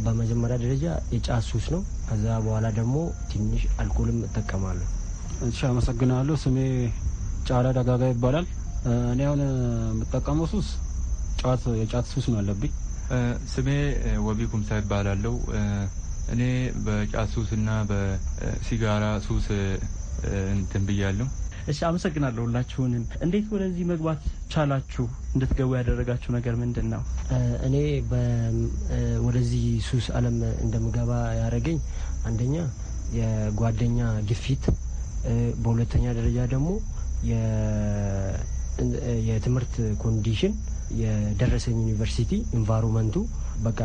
Speaker 11: በመጀመሪያ ደረጃ
Speaker 12: የጫት ሱስ ነው። ከዛ በኋላ ደግሞ ትንሽ አልኮልም እጠቀማለሁ። እሺ፣ አመሰግናለሁ። ስሜ ጫላ ደጋጋ ይባላል። እኔ አሁን የምጠቀመው ሱስ ጫት የጫት ሱስ ነው ያለብኝ።
Speaker 13: ስሜ ወቢ ኩምሳ ይባላለሁ። እኔ በጫት ሱስ እና በሲጋራ ሱስ እንትን ብያለሁ።
Speaker 8: እሺ፣ አመሰግናለሁ ሁላችሁንም። እንዴት ወደዚህ መግባት ቻላችሁ? እንድትገቡ ያደረጋችሁ ነገር ምንድን ነው?
Speaker 11: እኔ ወደዚህ ሱስ አለም እንደምገባ ያደረገኝ አንደኛ የጓደኛ ግፊት፣ በሁለተኛ ደረጃ ደግሞ የትምህርት ኮንዲሽን፣ የደረሰኝ ዩኒቨርሲቲ ኢንቫይሮመንቱ በቃ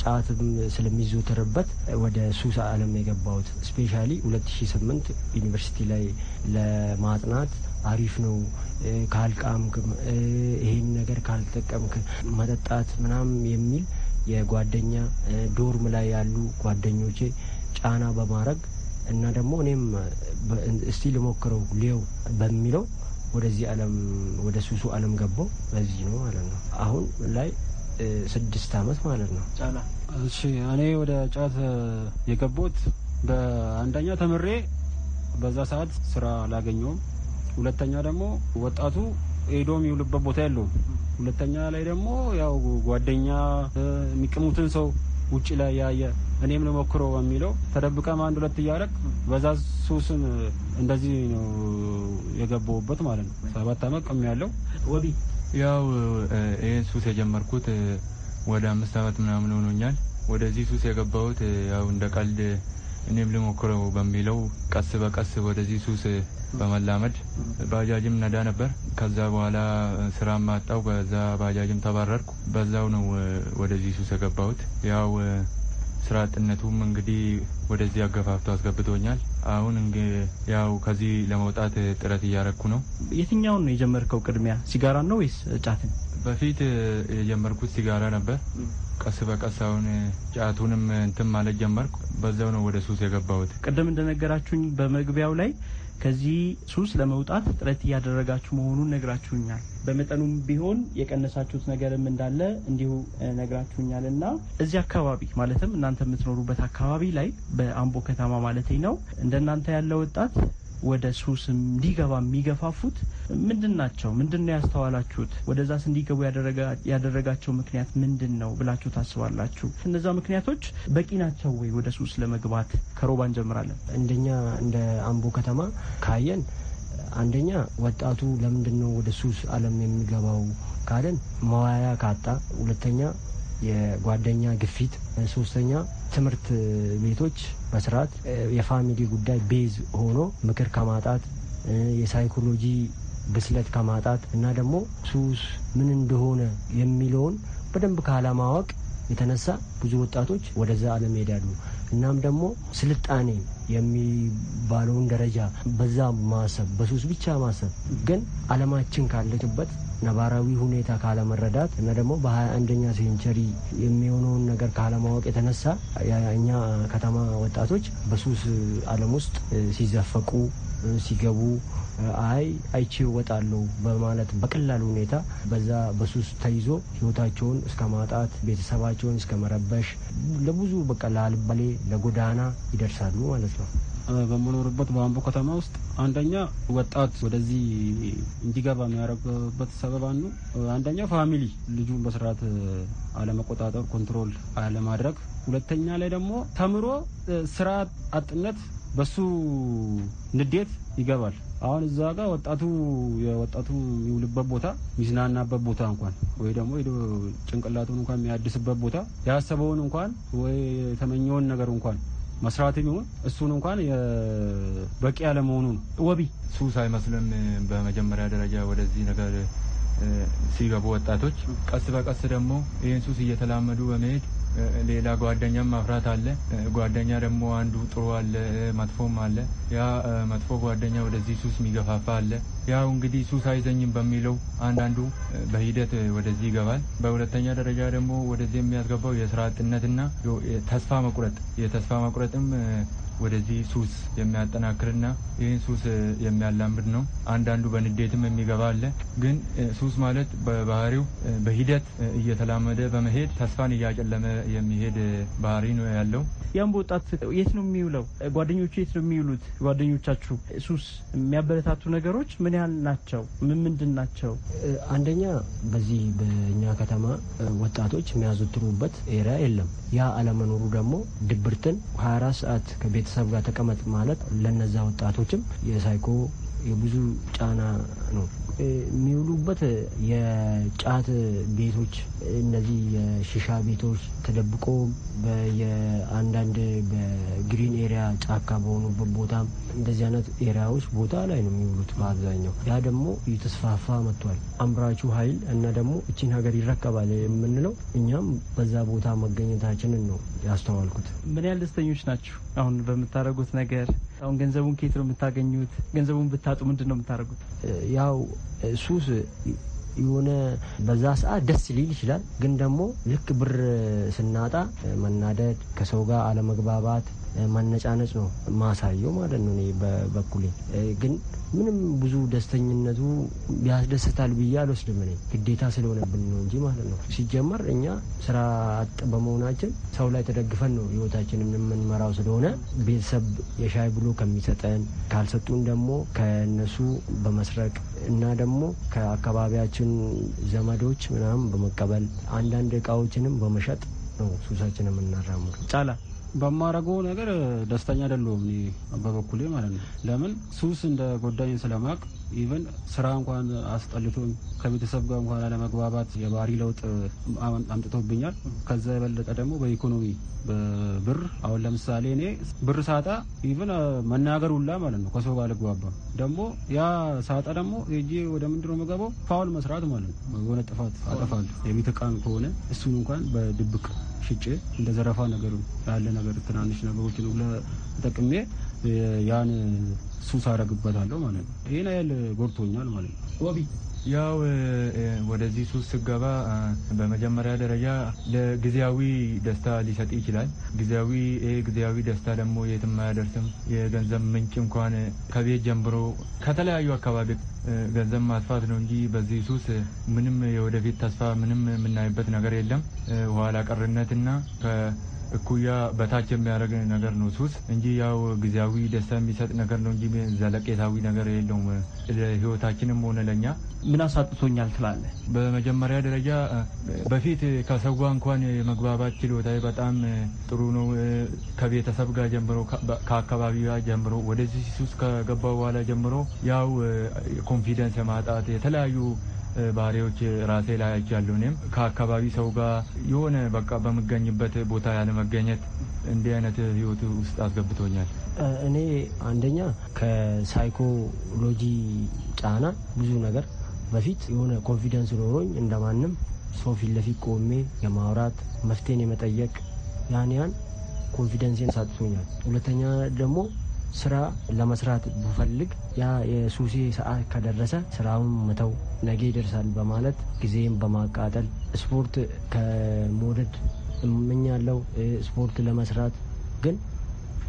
Speaker 11: ጫትም ስለሚዘወተርበት ወደ ሱስ አለም የገባሁት ስፔሻሊ 2008 ዩኒቨርሲቲ ላይ ለማጥናት አሪፍ ነው ካልቃምክ ይሄን ነገር ካልጠቀምክ መጠጣት ምናምን የሚል የጓደኛ ዶርም ላይ ያሉ ጓደኞቼ ጫና በማድረግ እና ደግሞ እኔም እስቲ ልሞክረው ሊየው በሚለው ወደዚህ አለም ወደ ሱሱ አለም ገባው። በዚህ ነው ማለት ነው አሁን ላይ ስድስት አመት ማለት ነው።
Speaker 12: እሺ እኔ ወደ ጫት የገባሁት በአንደኛ ተምሬ በዛ ሰዓት ስራ አላገኘውም። ሁለተኛ ደግሞ ወጣቱ ሄዶ የሚውልበት ቦታ የለውም። ሁለተኛ ላይ ደግሞ ያው ጓደኛ የሚቅሙትን ሰው ውጭ ላይ ያየ እኔም ልሞክሮ በሚለው ተደብቀም አንድ ሁለት እያደረግ በዛ ሱስን እንደዚህ ነው
Speaker 13: የገባሁበት ማለት ነው። ሰባት አመት ቀም ያለው ወቢ ያው ይህን ሱስ የጀመርኩት ወደ አምስት ዓመት ምናምን ሆኖኛል። ወደዚህ ሱስ የገባሁት ያው እንደ ቀልድ እኔም ልሞክረው በሚለው ቀስ በቀስ ወደዚህ ሱስ በመላመድ ባጃጅም ነዳ ነበር። ከዛ በኋላ ስራ ማጣው፣ በዛ ባጃጅም ተባረርኩ። በዛው ነው ወደዚህ ሱስ የገባሁት ያው ስራ አጥነቱም እንግዲህ ወደዚህ አገፋፍቶ አስገብቶኛል። አሁን ያው ከዚህ ለመውጣት ጥረት እያረኩ ነው።
Speaker 8: የትኛውን ነው የጀመርከው? ቅድሚያ ሲጋራን ነው ወይስ ጫትን?
Speaker 13: በፊት የጀመርኩት ሲጋራ ነበር። ቀስ በቀስ አሁን ጫቱንም እንትን ማለት ጀመርኩ። በዛው ነው ወደ ሱስ የገባሁት።
Speaker 8: ቅድም እንደነገራችሁኝ በመግቢያው ላይ ከዚህ ሱስ ለመውጣት ጥረት እያደረጋችሁ መሆኑን ነግራችሁኛል። በመጠኑም ቢሆን የቀነሳችሁት ነገርም እንዳለ እንዲሁ ነግራችሁኛል እና እዚህ አካባቢ ማለትም እናንተ የምትኖሩበት አካባቢ ላይ በአምቦ ከተማ ማለት ነው እንደናንተ ያለ ወጣት ወደ ሱስም እንዲገባ የሚገፋፉት ምንድን ናቸው? ምንድን ነው ያስተዋላችሁት? ወደዛስ እንዲገቡ ያደረጋቸው ምክንያት ምንድን ነው ብላችሁ ታስባላችሁ? እነዛ ምክንያቶች በቂ ናቸው ወይ ወደ ሱስ ለመግባት? ከሮባ እንጀምራለን። እንደኛ እንደ አምቦ ከተማ ካየን
Speaker 11: አንደኛ ወጣቱ ለምንድን ነው ወደ ሱስ አለም የሚገባው ካለን መዋያ ካጣ፣ ሁለተኛ የጓደኛ ግፊት፣ ሶስተኛ ትምህርት ቤቶች መስራት የፋሚሊ ጉዳይ ቤዝ ሆኖ ምክር ከማጣት የሳይኮሎጂ ብስለት ከማጣት እና ደግሞ ሱስ ምን እንደሆነ የሚለውን በደንብ ካለማወቅ የተነሳ ብዙ ወጣቶች ወደዛ አለም ይሄዳሉ። እናም ደግሞ ስልጣኔ የሚባለውን ደረጃ በዛ ማሰብ፣ በሱስ ብቻ ማሰብ ግን አለማችን ካለችበት ነባራዊ ሁኔታ ካለመረዳት እና ደግሞ በሀያ አንደኛ ሴንቸሪ የሚሆነውን ነገር ካለማወቅ የተነሳ እኛ ከተማ ወጣቶች በሱስ አለም ውስጥ ሲዘፈቁ ሲገቡ አይ አይቼ እወጣለሁ በማለት በቀላል ሁኔታ በዛ በሱስ ተይዞ ህይወታቸውን እስከ ማጣት ቤተሰባቸውን እስከ መረበሽ ለብዙ በቃ ላልባሌ ለጎዳና ይደርሳሉ ማለት ነው።
Speaker 12: በምኖርበት በአምቦ ከተማ ውስጥ አንደኛ ወጣት ወደዚህ እንዲገባ የሚያደርግበት ሰበብ አንዱ አንደኛ ፋሚሊ ልጁን በስርዓት አለመቆጣጠር፣ ኮንትሮል አለማድረግ፣ ሁለተኛ ላይ ደግሞ ተምሮ ስራ አጥነት በሱ ንዴት ይገባል። አሁን እዛ ጋር ወጣቱ የወጣቱ የሚውልበት ቦታ የሚዝናናበት ቦታ እንኳን ወይ ደግሞ ሄዶ ጭንቅላቱን እንኳን የሚያድስበት ቦታ ያሰበውን እንኳን ወይ የተመኘውን ነገር እንኳን መስራት የሚሆን እሱን እንኳን በቂ ያለመሆኑ ነው። ወቢ
Speaker 13: ሱስ አይመስልም። በመጀመሪያ ደረጃ ወደዚህ ነገር ሲገቡ ወጣቶች ቀስ በቀስ ደግሞ ይህን ሱስ እየተላመዱ በመሄድ ሌላ ጓደኛም ማፍራት አለ። ጓደኛ ደግሞ አንዱ ጥሩ አለ፣ መጥፎም አለ። ያ መጥፎ ጓደኛ ወደዚህ ሱስ የሚገፋፋ አለ። ያው እንግዲህ ሱስ አይዘኝም በሚለው አንዳንዱ በሂደት ወደዚህ ይገባል። በሁለተኛ ደረጃ ደግሞ ወደዚህ የሚያስገባው የስራ አጥነትና ተስፋ መቁረጥ የተስፋ መቁረጥም ወደዚህ ሱስ የሚያጠናክርና ይህን ሱስ የሚያላምድ ነው። አንዳንዱ በንዴትም የሚገባ አለ። ግን ሱስ ማለት በባህሪው በሂደት እየተላመደ በመሄድ ተስፋን እያጨለመ የሚሄድ ባህሪ ነው ያለው።
Speaker 8: ያም በወጣት የት ነው የሚውለው? ጓደኞቹ የት ነው የሚውሉት? ጓደኞቻችሁ ሱስ የሚያበረታቱ ነገሮች ምን ያህል ናቸው? ምን ምንድን ናቸው? አንደኛ
Speaker 11: በዚህ በእኛ ከተማ ወጣቶች የሚያዘወትሩበት ኤሪያ የለም። ያ አለመኖሩ ደግሞ ድብርትን 24 ሰዓት ከቤት ከቤተሰብ ጋር ተቀመጥ ማለት ለነዛ ወጣቶችም የሳይኮ የብዙ ጫና ነው። የሚውሉበት የጫት ቤቶች፣ እነዚህ የሽሻ ቤቶች ተደብቆ በየአንዳንድ በግሪን ኤሪያ ጫካ በሆኑበት ቦታ እንደዚህ አይነት ኤሪያዎች ቦታ ላይ ነው የሚውሉት በአብዛኛው። ያ ደግሞ እየተስፋፋ መጥቷል። አምራቹ ኃይል እና ደግሞ እችን ሀገር ይረከባል የምንለው እኛም በዛ ቦታ መገኘታችንን ነው ያስተዋልኩት።
Speaker 8: ምን ያህል ደስተኞች ናችሁ አሁን በምታደርጉት ነገር? አሁን ገንዘቡን ኬት ነው የምታገኙት? ገንዘቡን ብታጡ ምንድን ነው የምታደርጉት?
Speaker 11: ያው ሱስ የሆነ በዛ ሰዓት ደስ ሊል ይችላል። ግን ደግሞ ልክ ብር ስናጣ መናደድ፣ ከሰው ጋር አለመግባባት፣ ማነጫነጭ ነው ማሳየው ማለት ነው። እኔ በበኩሌ ግን ምንም ብዙ ደስተኝነቱ ያስደስታል ብዬ አልወስድም። እኔ ግዴታ ስለሆነብን ነው እንጂ ማለት ነው። ሲጀመር እኛ ስራ አጥ በመሆናችን ሰው ላይ ተደግፈን ነው ህይወታችን የምንመራው ስለሆነ ቤተሰብ የሻይ ብሎ ከሚሰጠን ካልሰጡን ደግሞ ከነሱ በመስረቅ እና ደግሞ ከአካባቢያችን ያሉትን ዘመዶች ምናምን
Speaker 12: በመቀበል አንዳንድ እቃዎችንም በመሸጥ ነው ሱሳችን የምናራምዱ ጫላ በማረገው ነገር ደስተኛ አይደለሁም እኔ በበኩሌ ማለት ነው። ለምን ሱስ እንደ ጎዳኝ ስለማቅ ኢቨን ስራ እንኳን አስጠልቶኝ ከቤተሰብ ጋር እንኳን አለመግባባት የባህሪ ለውጥ አምጥቶብኛል። ከዛ የበለጠ ደግሞ በኢኮኖሚ ብር አሁን ለምሳሌ እኔ ብር ሳጣ ኢቨን መናገር ሁላ ማለት ነው ከሰው ጋር ልግባባ ደግሞ ያ ሳጣ ደግሞ ሄጄ ወደ ምንድን ፋውል መስራት ማለት ነው። የሆነ ጥፋት አጠፋለሁ። የቤት እቃም ከሆነ እሱን እንኳን በድብቅ ሽጬ እንደ ዘረፋ ነገሩ ያለ ነገር ትናንሽ ነገሮችን ሁሉ ተጠቅሜ ያን ሱስ አደርግበታለሁ ማለት
Speaker 13: ነው። ይህን ያህል ጎድቶኛል ማለት ነው። ወቢ ያው ወደዚህ ሱስ ስገባ በመጀመሪያ ደረጃ ለጊዜያዊ ደስታ ሊሰጥ ይችላል። ጊዜያዊ ጊዜያዊ ደስታ ደግሞ የትም አያደርስም። የገንዘብ ምንጭ እንኳን ከቤት ጀምሮ ከተለያዩ አካባቢ ገንዘብ ማጥፋት ነው እንጂ በዚህ ሱስ ምንም የወደፊት ተስፋ ምንም የምናይበት ነገር የለም። ኋላ ቀርነትና ከእኩያ በታች የሚያደርግ ነገር ነው ሱስ እንጂ ያው ጊዜያዊ ጊዜያዊ ደስታ የሚሰጥ ነገር ነው እንጂ ዘለቄታዊ ነገር የለውም። ለህይወታችንም ሆነ ለእኛ ምን አሳጥቶኛል ትላለህ? በመጀመሪያ ደረጃ በፊት ከሰው ጋር እንኳን የመግባባት ችሎታ በጣም ጥሩ ነው። ከቤተሰብ ጋር ጀምሮ፣ ከአካባቢ ጋር ጀምሮ፣ ወደዚህ ሱስ ከገባ በኋላ ጀምሮ ያው ኮንፊደንስ የማጣት የተለያዩ ባህሪዎች ራሴ ላይ አይቻለሁ። እኔም ከአካባቢ ሰው ጋር የሆነ በቃ በምገኝበት ቦታ ያለመገኘት እንዲህ አይነት ህይወት ውስጥ አስገብቶኛል።
Speaker 11: እኔ አንደኛ ከሳይኮሎጂ ጫና ብዙ ነገር በፊት የሆነ ኮንፊደንስ ኖሮኝ እንደማንም ሰው ፊት ለፊት ቆሜ የማውራት መፍትሄን የመጠየቅ ያን ያን ኮንፊደንሴን ሳጥቶኛል። ሁለተኛ ደግሞ ስራ ለመስራት ብፈልግ ያ የሱሴ ሰዓት ከደረሰ ስራውን መተው ነገ ይደርሳል በማለት ጊዜም በማቃጠል ስፖርት ከመውደድ እመኛለው ስፖርት ለመስራት ግን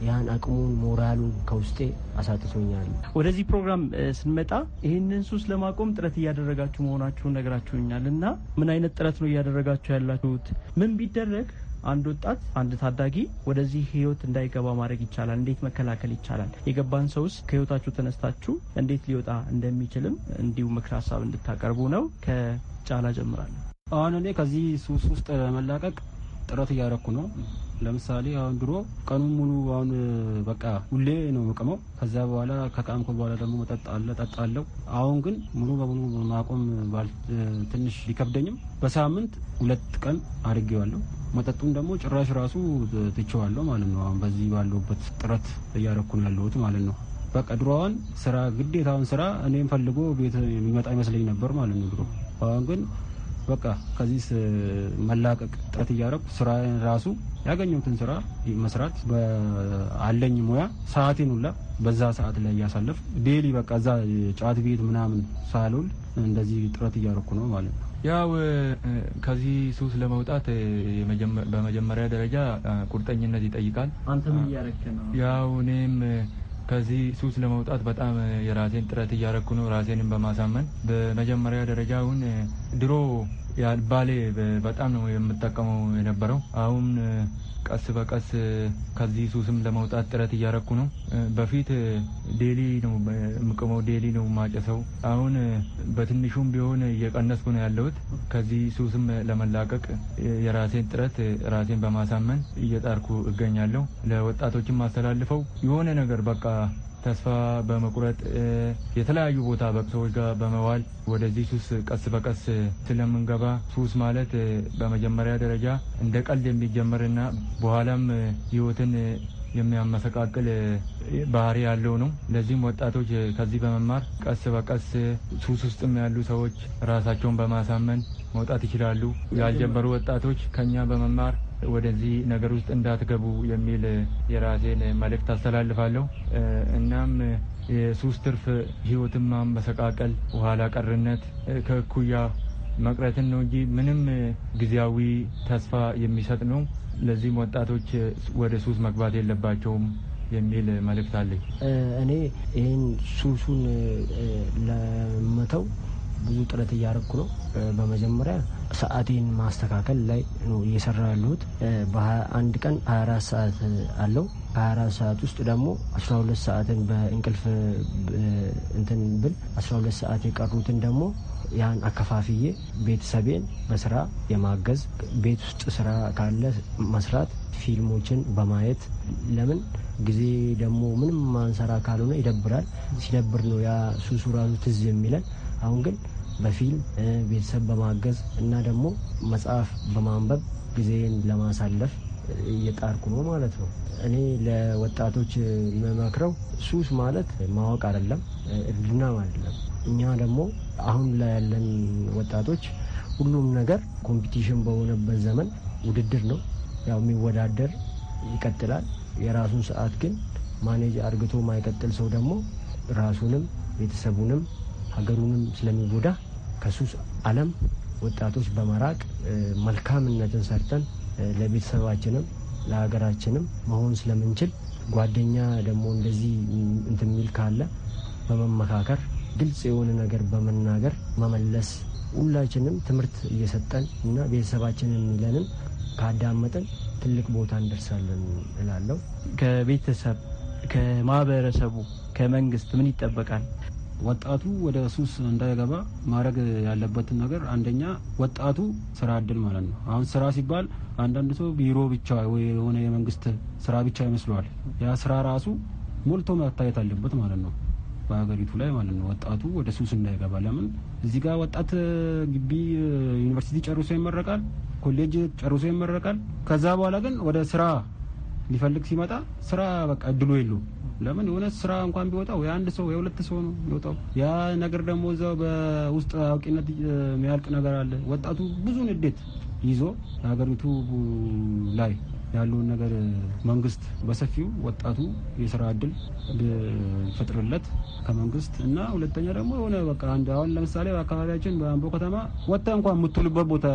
Speaker 11: ያን አቅሙን ሞራሉን ከውስጤ አሳጥቶኛል።
Speaker 8: ወደዚህ ፕሮግራም ስንመጣ ይህንን ሱስ ለማቆም ጥረት እያደረጋችሁ መሆናችሁን ነግራችሁኛል እና ምን አይነት ጥረት ነው እያደረጋችሁ ያላችሁት? ምን ቢደረግ አንድ ወጣት አንድ ታዳጊ ወደዚህ ህይወት እንዳይገባ ማድረግ ይቻላል? እንዴት መከላከል ይቻላል? የገባን ውስጥ ከህይወታችሁ ተነስታችሁ እንዴት ሊወጣ እንደሚችልም እንዲሁ ምክር ሀሳብ እንድታቀርቡ ነው። ከጫላ ጀምራለሁ።
Speaker 12: አሁን እኔ ከዚህ ሱስ ውስጥ ለመላቀቅ ጥረት እያረኩ ነው። ለምሳሌ አሁን ድሮ ቀኑን ሙሉ አሁን በቃ ሁሌ ነው መቀመው። ከዚያ በኋላ ከቃምኩ በኋላ ደግሞ መጠጥ አለ ጠጣለሁ። አሁን ግን ሙሉ በሙሉ ማቆም ትንሽ ሊከብደኝም በሳምንት ሁለት ቀን አድርጌዋለሁ። መጠጡም ደግሞ ጭራሽ ራሱ ትቼዋለሁ ማለት ነው። አሁን በዚህ ባለሁበት ጥረት እያረኩ ነው ያለሁት ማለት ነው። በቃ ድሮዋን ስራ ግዴታውን ስራ እኔም ፈልጎ ቤት የሚመጣ ይመስለኝ ነበር ማለት ነው ድሮ። አሁን ግን በቃ ከዚህ መላቀቅ ጥረት እያደረኩ ስራዬን ራሱ ያገኘሁትን ስራ መስራት በአለኝ ሙያ ሰዓቴን ሁላ በዛ ሰዓት ላይ እያሳለፍ ዴሊ በቃ እዛ ጫት ቤት ምናምን ሳልውል እንደዚህ ጥረት እያደረኩ ነው ማለት ነው።
Speaker 13: ያው ከዚህ ሱስ ለመውጣት በመጀመሪያ ደረጃ ቁርጠኝነት ይጠይቃል።
Speaker 8: አንተ ምን ነው?
Speaker 13: ያው እኔም ከዚህ ሱስ ለመውጣት በጣም የራሴን ጥረት እያረኩ ነው፣ ራሴንም በማሳመን በመጀመሪያ ደረጃ አሁን ድሮ ያልባሌ በጣም ነው የምጠቀመው የነበረው አሁን ቀስ በቀስ ከዚህ ሱስም ለመውጣት ጥረት እያረኩ ነው። በፊት ዴሊ ነው የምቅመው፣ ዴሊ ነው ማጨሰው። አሁን በትንሹም ቢሆን እየቀነስኩ ነው ያለሁት። ከዚህ ሱስም ለመላቀቅ የራሴን ጥረት ራሴን በማሳመን እየጣርኩ እገኛለሁ። ለወጣቶችም አስተላልፈው የሆነ ነገር በቃ ተስፋ በመቁረጥ የተለያዩ ቦታ በሰዎች ጋር በመዋል ወደዚህ ሱስ ቀስ በቀስ ስለምንገባ ሱስ ማለት በመጀመሪያ ደረጃ እንደ ቀልድ የሚጀመርና በኋላም ህይወትን የሚያመሰቃቅል ባህሪ ያለው ነው። ለዚህም ወጣቶች ከዚህ በመማር ቀስ በቀስ ሱስ ውስጥም ያሉ ሰዎች ራሳቸውን በማሳመን መውጣት ይችላሉ። ያልጀመሩ ወጣቶች ከኛ በመማር ወደዚህ ነገር ውስጥ እንዳትገቡ የሚል የራሴን መልእክት አስተላልፋለሁ። እናም የሱስ ትርፍ ህይወትማ መሰቃቀል ኋላ ቀርነት፣ ከእኩያ መቅረትን ነው እንጂ ምንም ጊዜያዊ ተስፋ የሚሰጥ ነው። ለዚህም ወጣቶች ወደ ሱስ መግባት የለባቸውም የሚል መልእክት አለኝ።
Speaker 11: እኔ ይህን ሱሱን ለመተው ብዙ ጥረት እያደረኩ ነው። በመጀመሪያ ሰዓቴን ማስተካከል ላይ ነው እየሰራ ያለሁት። በአንድ ቀን 24 ሰዓት አለው። ከ24 ሰዓት ውስጥ ደግሞ 12 ሰዓትን በእንቅልፍ እንትን ብል 12 ሰዓት የቀሩትን ደግሞ ያን አከፋፍዬ ቤተሰቤን በስራ የማገዝ ቤት ውስጥ ስራ ካለ መስራት፣ ፊልሞችን በማየት ለምን ጊዜ ደግሞ ምንም ማንሰራ ካልሆነ ይደብራል። ሲደብር ነው ያ ሱሱ ራሱ ትዝ የሚለን። አሁን ግን በፊልም ቤተሰብ በማገዝ እና ደግሞ መጽሐፍ በማንበብ ጊዜን ለማሳለፍ እየጣርኩ ነው ማለት ነው። እኔ ለወጣቶች የምመክረው ሱስ ማለት ማወቅ አይደለም፣ እርድናም አይደለም። እኛ ደግሞ አሁን ላይ ያለን ወጣቶች ሁሉም ነገር ኮምፒቲሽን በሆነበት ዘመን ውድድር ነው። ያው የሚወዳደር ይቀጥላል። የራሱን ሰዓት ግን ማኔጅ አርግቶ ማይቀጥል ሰው ደግሞ ራሱንም ቤተሰቡንም ሀገሩንም ስለሚጎዳ ከሱስ ዓለም ወጣቶች በመራቅ መልካምነትን ሰርተን ለቤተሰባችንም ለሀገራችንም መሆን ስለምንችል ጓደኛ ደግሞ እንደዚህ እንትን የሚል ካለ በመመካከር ግልጽ የሆነ ነገር በመናገር መመለስ ሁላችንም ትምህርት እየሰጠን እና ቤተሰባችን የሚለንን ካዳመጠን ትልቅ ቦታ እንደርሳለን እላለሁ።
Speaker 8: ከቤተሰብ ከማህበረሰቡ ከመንግስት ምን ይጠበቃል?
Speaker 12: ወጣቱ ወደ ሱስ እንዳይገባ ማድረግ ያለበትን ነገር አንደኛ ወጣቱ ስራ እድል ማለት ነው። አሁን ስራ ሲባል አንዳንድ ሰው ቢሮ ብቻ ወይ የሆነ የመንግስት ስራ ብቻ ይመስለዋል። ያ ስራ ራሱ ሞልቶ መታየት አለበት ማለት ነው በሀገሪቱ ላይ ማለት ነው። ወጣቱ ወደ ሱስ እንዳይገባ ለምን እዚህ ጋር ወጣት ግቢ ዩኒቨርሲቲ ጨርሶ ይመረቃል፣ ኮሌጅ ጨርሶ ይመረቃል። ከዛ በኋላ ግን ወደ ስራ ሊፈልግ ሲመጣ ስራ በቃ እድሉ የለውም። ለምን የሆነ ስራ እንኳን ቢወጣ ወይ አንድ ሰው የሁለት ሰው ነው የሚወጣው። ያ ነገር ደግሞ እዛው በውስጥ አዋቂነት የሚያልቅ ነገር አለ። ወጣቱ ብዙን እዴት ይዞ ሀገሪቱ ላይ ያለውን ነገር መንግስት በሰፊው ወጣቱ የስራ እድል ፈጥርለት ከመንግስት እና ሁለተኛ ደግሞ የሆነ በቃ አንድ አሁን ለምሳሌ በአካባቢያችን በአምቦ ከተማ ወጥተህ እንኳን የምትውልበት ቦታ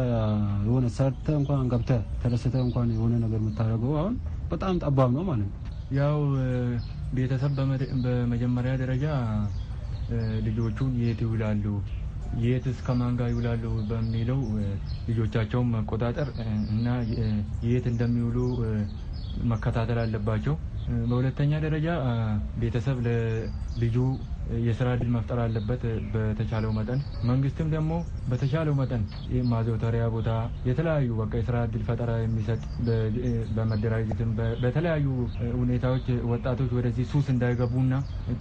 Speaker 12: የሆነ ሰርተህ እንኳን ገብተህ ተደስተህ እንኳን የሆነ ነገር የምታደርገው አሁን በጣም ጠባብ
Speaker 13: ነው ማለት ነው። ያው ቤተሰብ በመጀመሪያ ደረጃ ልጆቹ የት ይውላሉ፣ የት እስከ ማንጋ ይውላሉ በሚለው ልጆቻቸውን መቆጣጠር እና የት እንደሚውሉ መከታተል አለባቸው። በሁለተኛ ደረጃ ቤተሰብ ለልጁ የስራ እድል መፍጠር አለበት በተቻለው መጠን። መንግስትም ደግሞ በተቻለው መጠን ማዘውተሪያ ቦታ የተለያዩ በቃ የስራ እድል ፈጠራ የሚሰጥ በመደራጀትም በተለያዩ ሁኔታዎች ወጣቶች ወደዚህ ሱስ እንዳይገቡና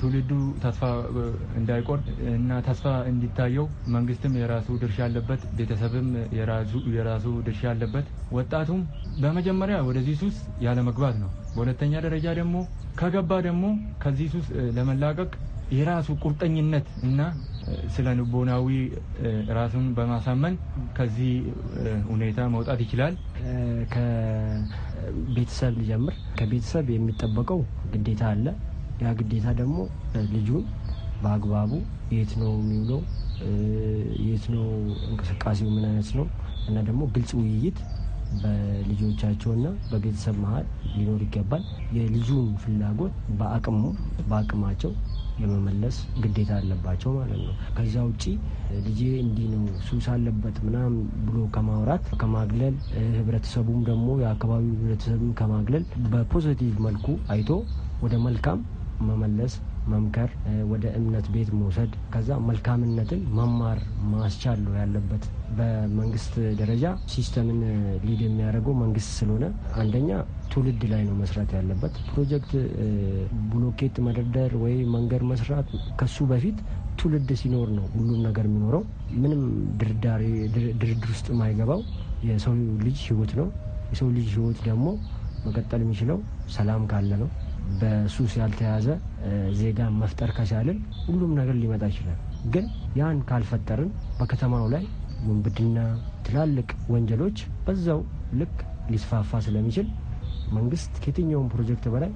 Speaker 13: ትውልዱ ተስፋ እንዳይቆርጥ እና ተስፋ እንዲታየው መንግስትም የራሱ ድርሻ አለበት፣ ቤተሰብም የራሱ ድርሻ አለበት። ወጣቱም በመጀመሪያ ወደዚህ ሱስ ያለመግባት ነው። በሁለተኛ ደረጃ ደግሞ ከገባ ደግሞ ከዚህ ሱስ ለመላቀቅ የራሱ ቁርጠኝነት እና ስለ ንቦናዊ ራሱን በማሳመን ከዚህ ሁኔታ መውጣት ይችላል። ከቤተሰብ ሊጀምር ከቤተሰብ
Speaker 11: የሚጠበቀው ግዴታ አለ። ያ ግዴታ ደግሞ ልጁን በአግባቡ የት ነው የሚውለው፣ የት ነው እንቅስቃሴው፣ ምን አይነት ነው እና ደግሞ ግልጽ ውይይት በልጆቻቸውና በቤተሰብ መሀል ሊኖር ይገባል። የልጁን ፍላጎት በአቅሙ በአቅማቸው የመመለስ ግዴታ አለባቸው ማለት ነው። ከዛ ውጪ ልጄ እንዲህ ነው ሱስ አለበት ምናምን ብሎ ከማውራት ከማግለል፣ ህብረተሰቡም ደግሞ የአካባቢው ህብረተሰብም ከማግለል በፖዘቲቭ መልኩ አይቶ ወደ መልካም መመለስ መምከር፣ ወደ እምነት ቤት መውሰድ፣ ከዛ መልካምነትን መማር ማስቻል ያለበት። በመንግስት ደረጃ ሲስተምን ሊድ የሚያደርገው መንግስት ስለሆነ አንደኛ ትውልድ ላይ ነው መስራት ያለበት። ፕሮጀክት ብሎኬት መደርደር ወይ መንገድ መስራት ከሱ በፊት ትውልድ ሲኖር ነው ሁሉም ነገር የሚኖረው። ምንም ድርድር ውስጥ የማይገባው የሰው ልጅ ህይወት ነው። የሰው ልጅ ህይወት ደግሞ መቀጠል የሚችለው ሰላም ካለ ነው። በሱስ ያልተያዘ ዜጋ መፍጠር ከቻልን ሁሉም ነገር ሊመጣ ይችላል። ግን ያን ካልፈጠርን በከተማው ላይ ውንብድና፣ ትላልቅ ወንጀሎች በዛው ልክ ሊስፋፋ ስለሚችል መንግስት ከየትኛውም ፕሮጀክት በላይ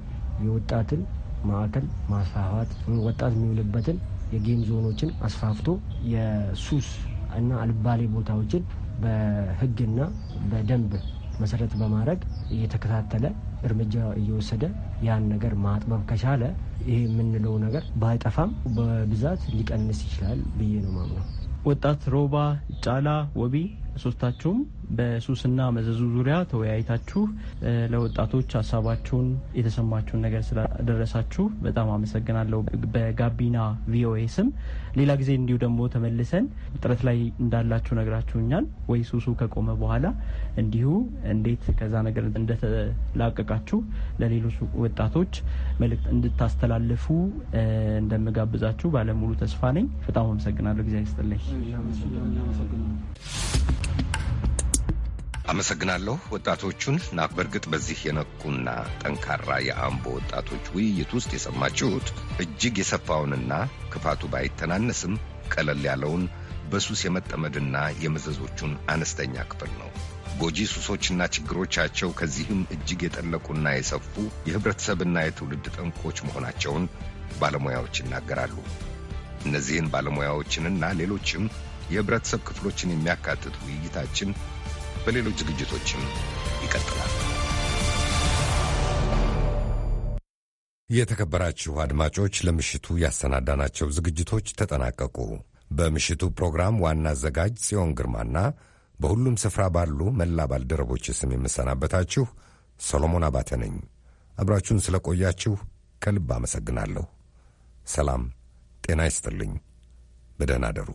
Speaker 11: የወጣትን ማዕከል ማስፋፋት ወጣት የሚውልበትን የጌም ዞኖችን አስፋፍቶ የሱስ እና አልባሌ ቦታዎችን በህግና በደንብ መሰረት በማድረግ እየተከታተለ እርምጃ እየወሰደ ያን ነገር ማጥበብ ከቻለ ይህ የምንለው ነገር ባይጠፋም በብዛት
Speaker 8: ሊቀንስ ይችላል ብዬ ነው ማምነው። ወጣት ሮባ ጫላ ወቢ ሶስታችሁም በሱስና መዘዙ ዙሪያ ተወያይታችሁ ለወጣቶች ሀሳባችሁን የተሰማችሁን ነገር ስላደረሳችሁ በጣም አመሰግናለሁ። በጋቢና ቪኦኤ ስም ሌላ ጊዜ እንዲሁ ደግሞ ተመልሰን ጥረት ላይ እንዳላችሁ ነግራችሁኛል ወይ ሱሱ ከቆመ በኋላ እንዲሁ እንዴት ከዛ ነገር እንደተላቀቃችሁ ለሌሎች ወጣቶች መልእክት እንድታስተላልፉ እንደምጋብዛችሁ ባለሙሉ ተስፋ ነኝ። በጣም አመሰግናለሁ። ጊዜ ይስጥልኝ።
Speaker 1: አመሰግናለሁ ወጣቶቹን ና በእርግጥ በዚህ የነቁና ጠንካራ የአምቦ ወጣቶች ውይይት ውስጥ የሰማችሁት እጅግ የሰፋውንና ክፋቱ ባይተናነስም ቀለል ያለውን በሱስ የመጠመድና የመዘዞቹን አነስተኛ ክፍል ነው። ጎጂ ሱሶችና ችግሮቻቸው ከዚህም እጅግ የጠለቁና የሰፉ የህብረተሰብና የትውልድ ጠንቆች መሆናቸውን ባለሙያዎች ይናገራሉ። እነዚህን ባለሙያዎችንና ሌሎችም የህብረተሰብ ክፍሎችን የሚያካትት ውይይታችን በሌሎች ዝግጅቶችም ይቀጥላል። የተከበራችሁ አድማጮች ለምሽቱ ያሰናዳናቸው ዝግጅቶች ተጠናቀቁ። በምሽቱ ፕሮግራም ዋና አዘጋጅ ጽዮን ግርማና በሁሉም ስፍራ ባሉ መላ ባልደረቦች ስም የምሰናበታችሁ ሰሎሞን አባተ ነኝ። አብራችሁን ስለ ቆያችሁ ከልብ አመሰግናለሁ። ሰላም ጤና ይስጥልኝ። በደህና አደሩ።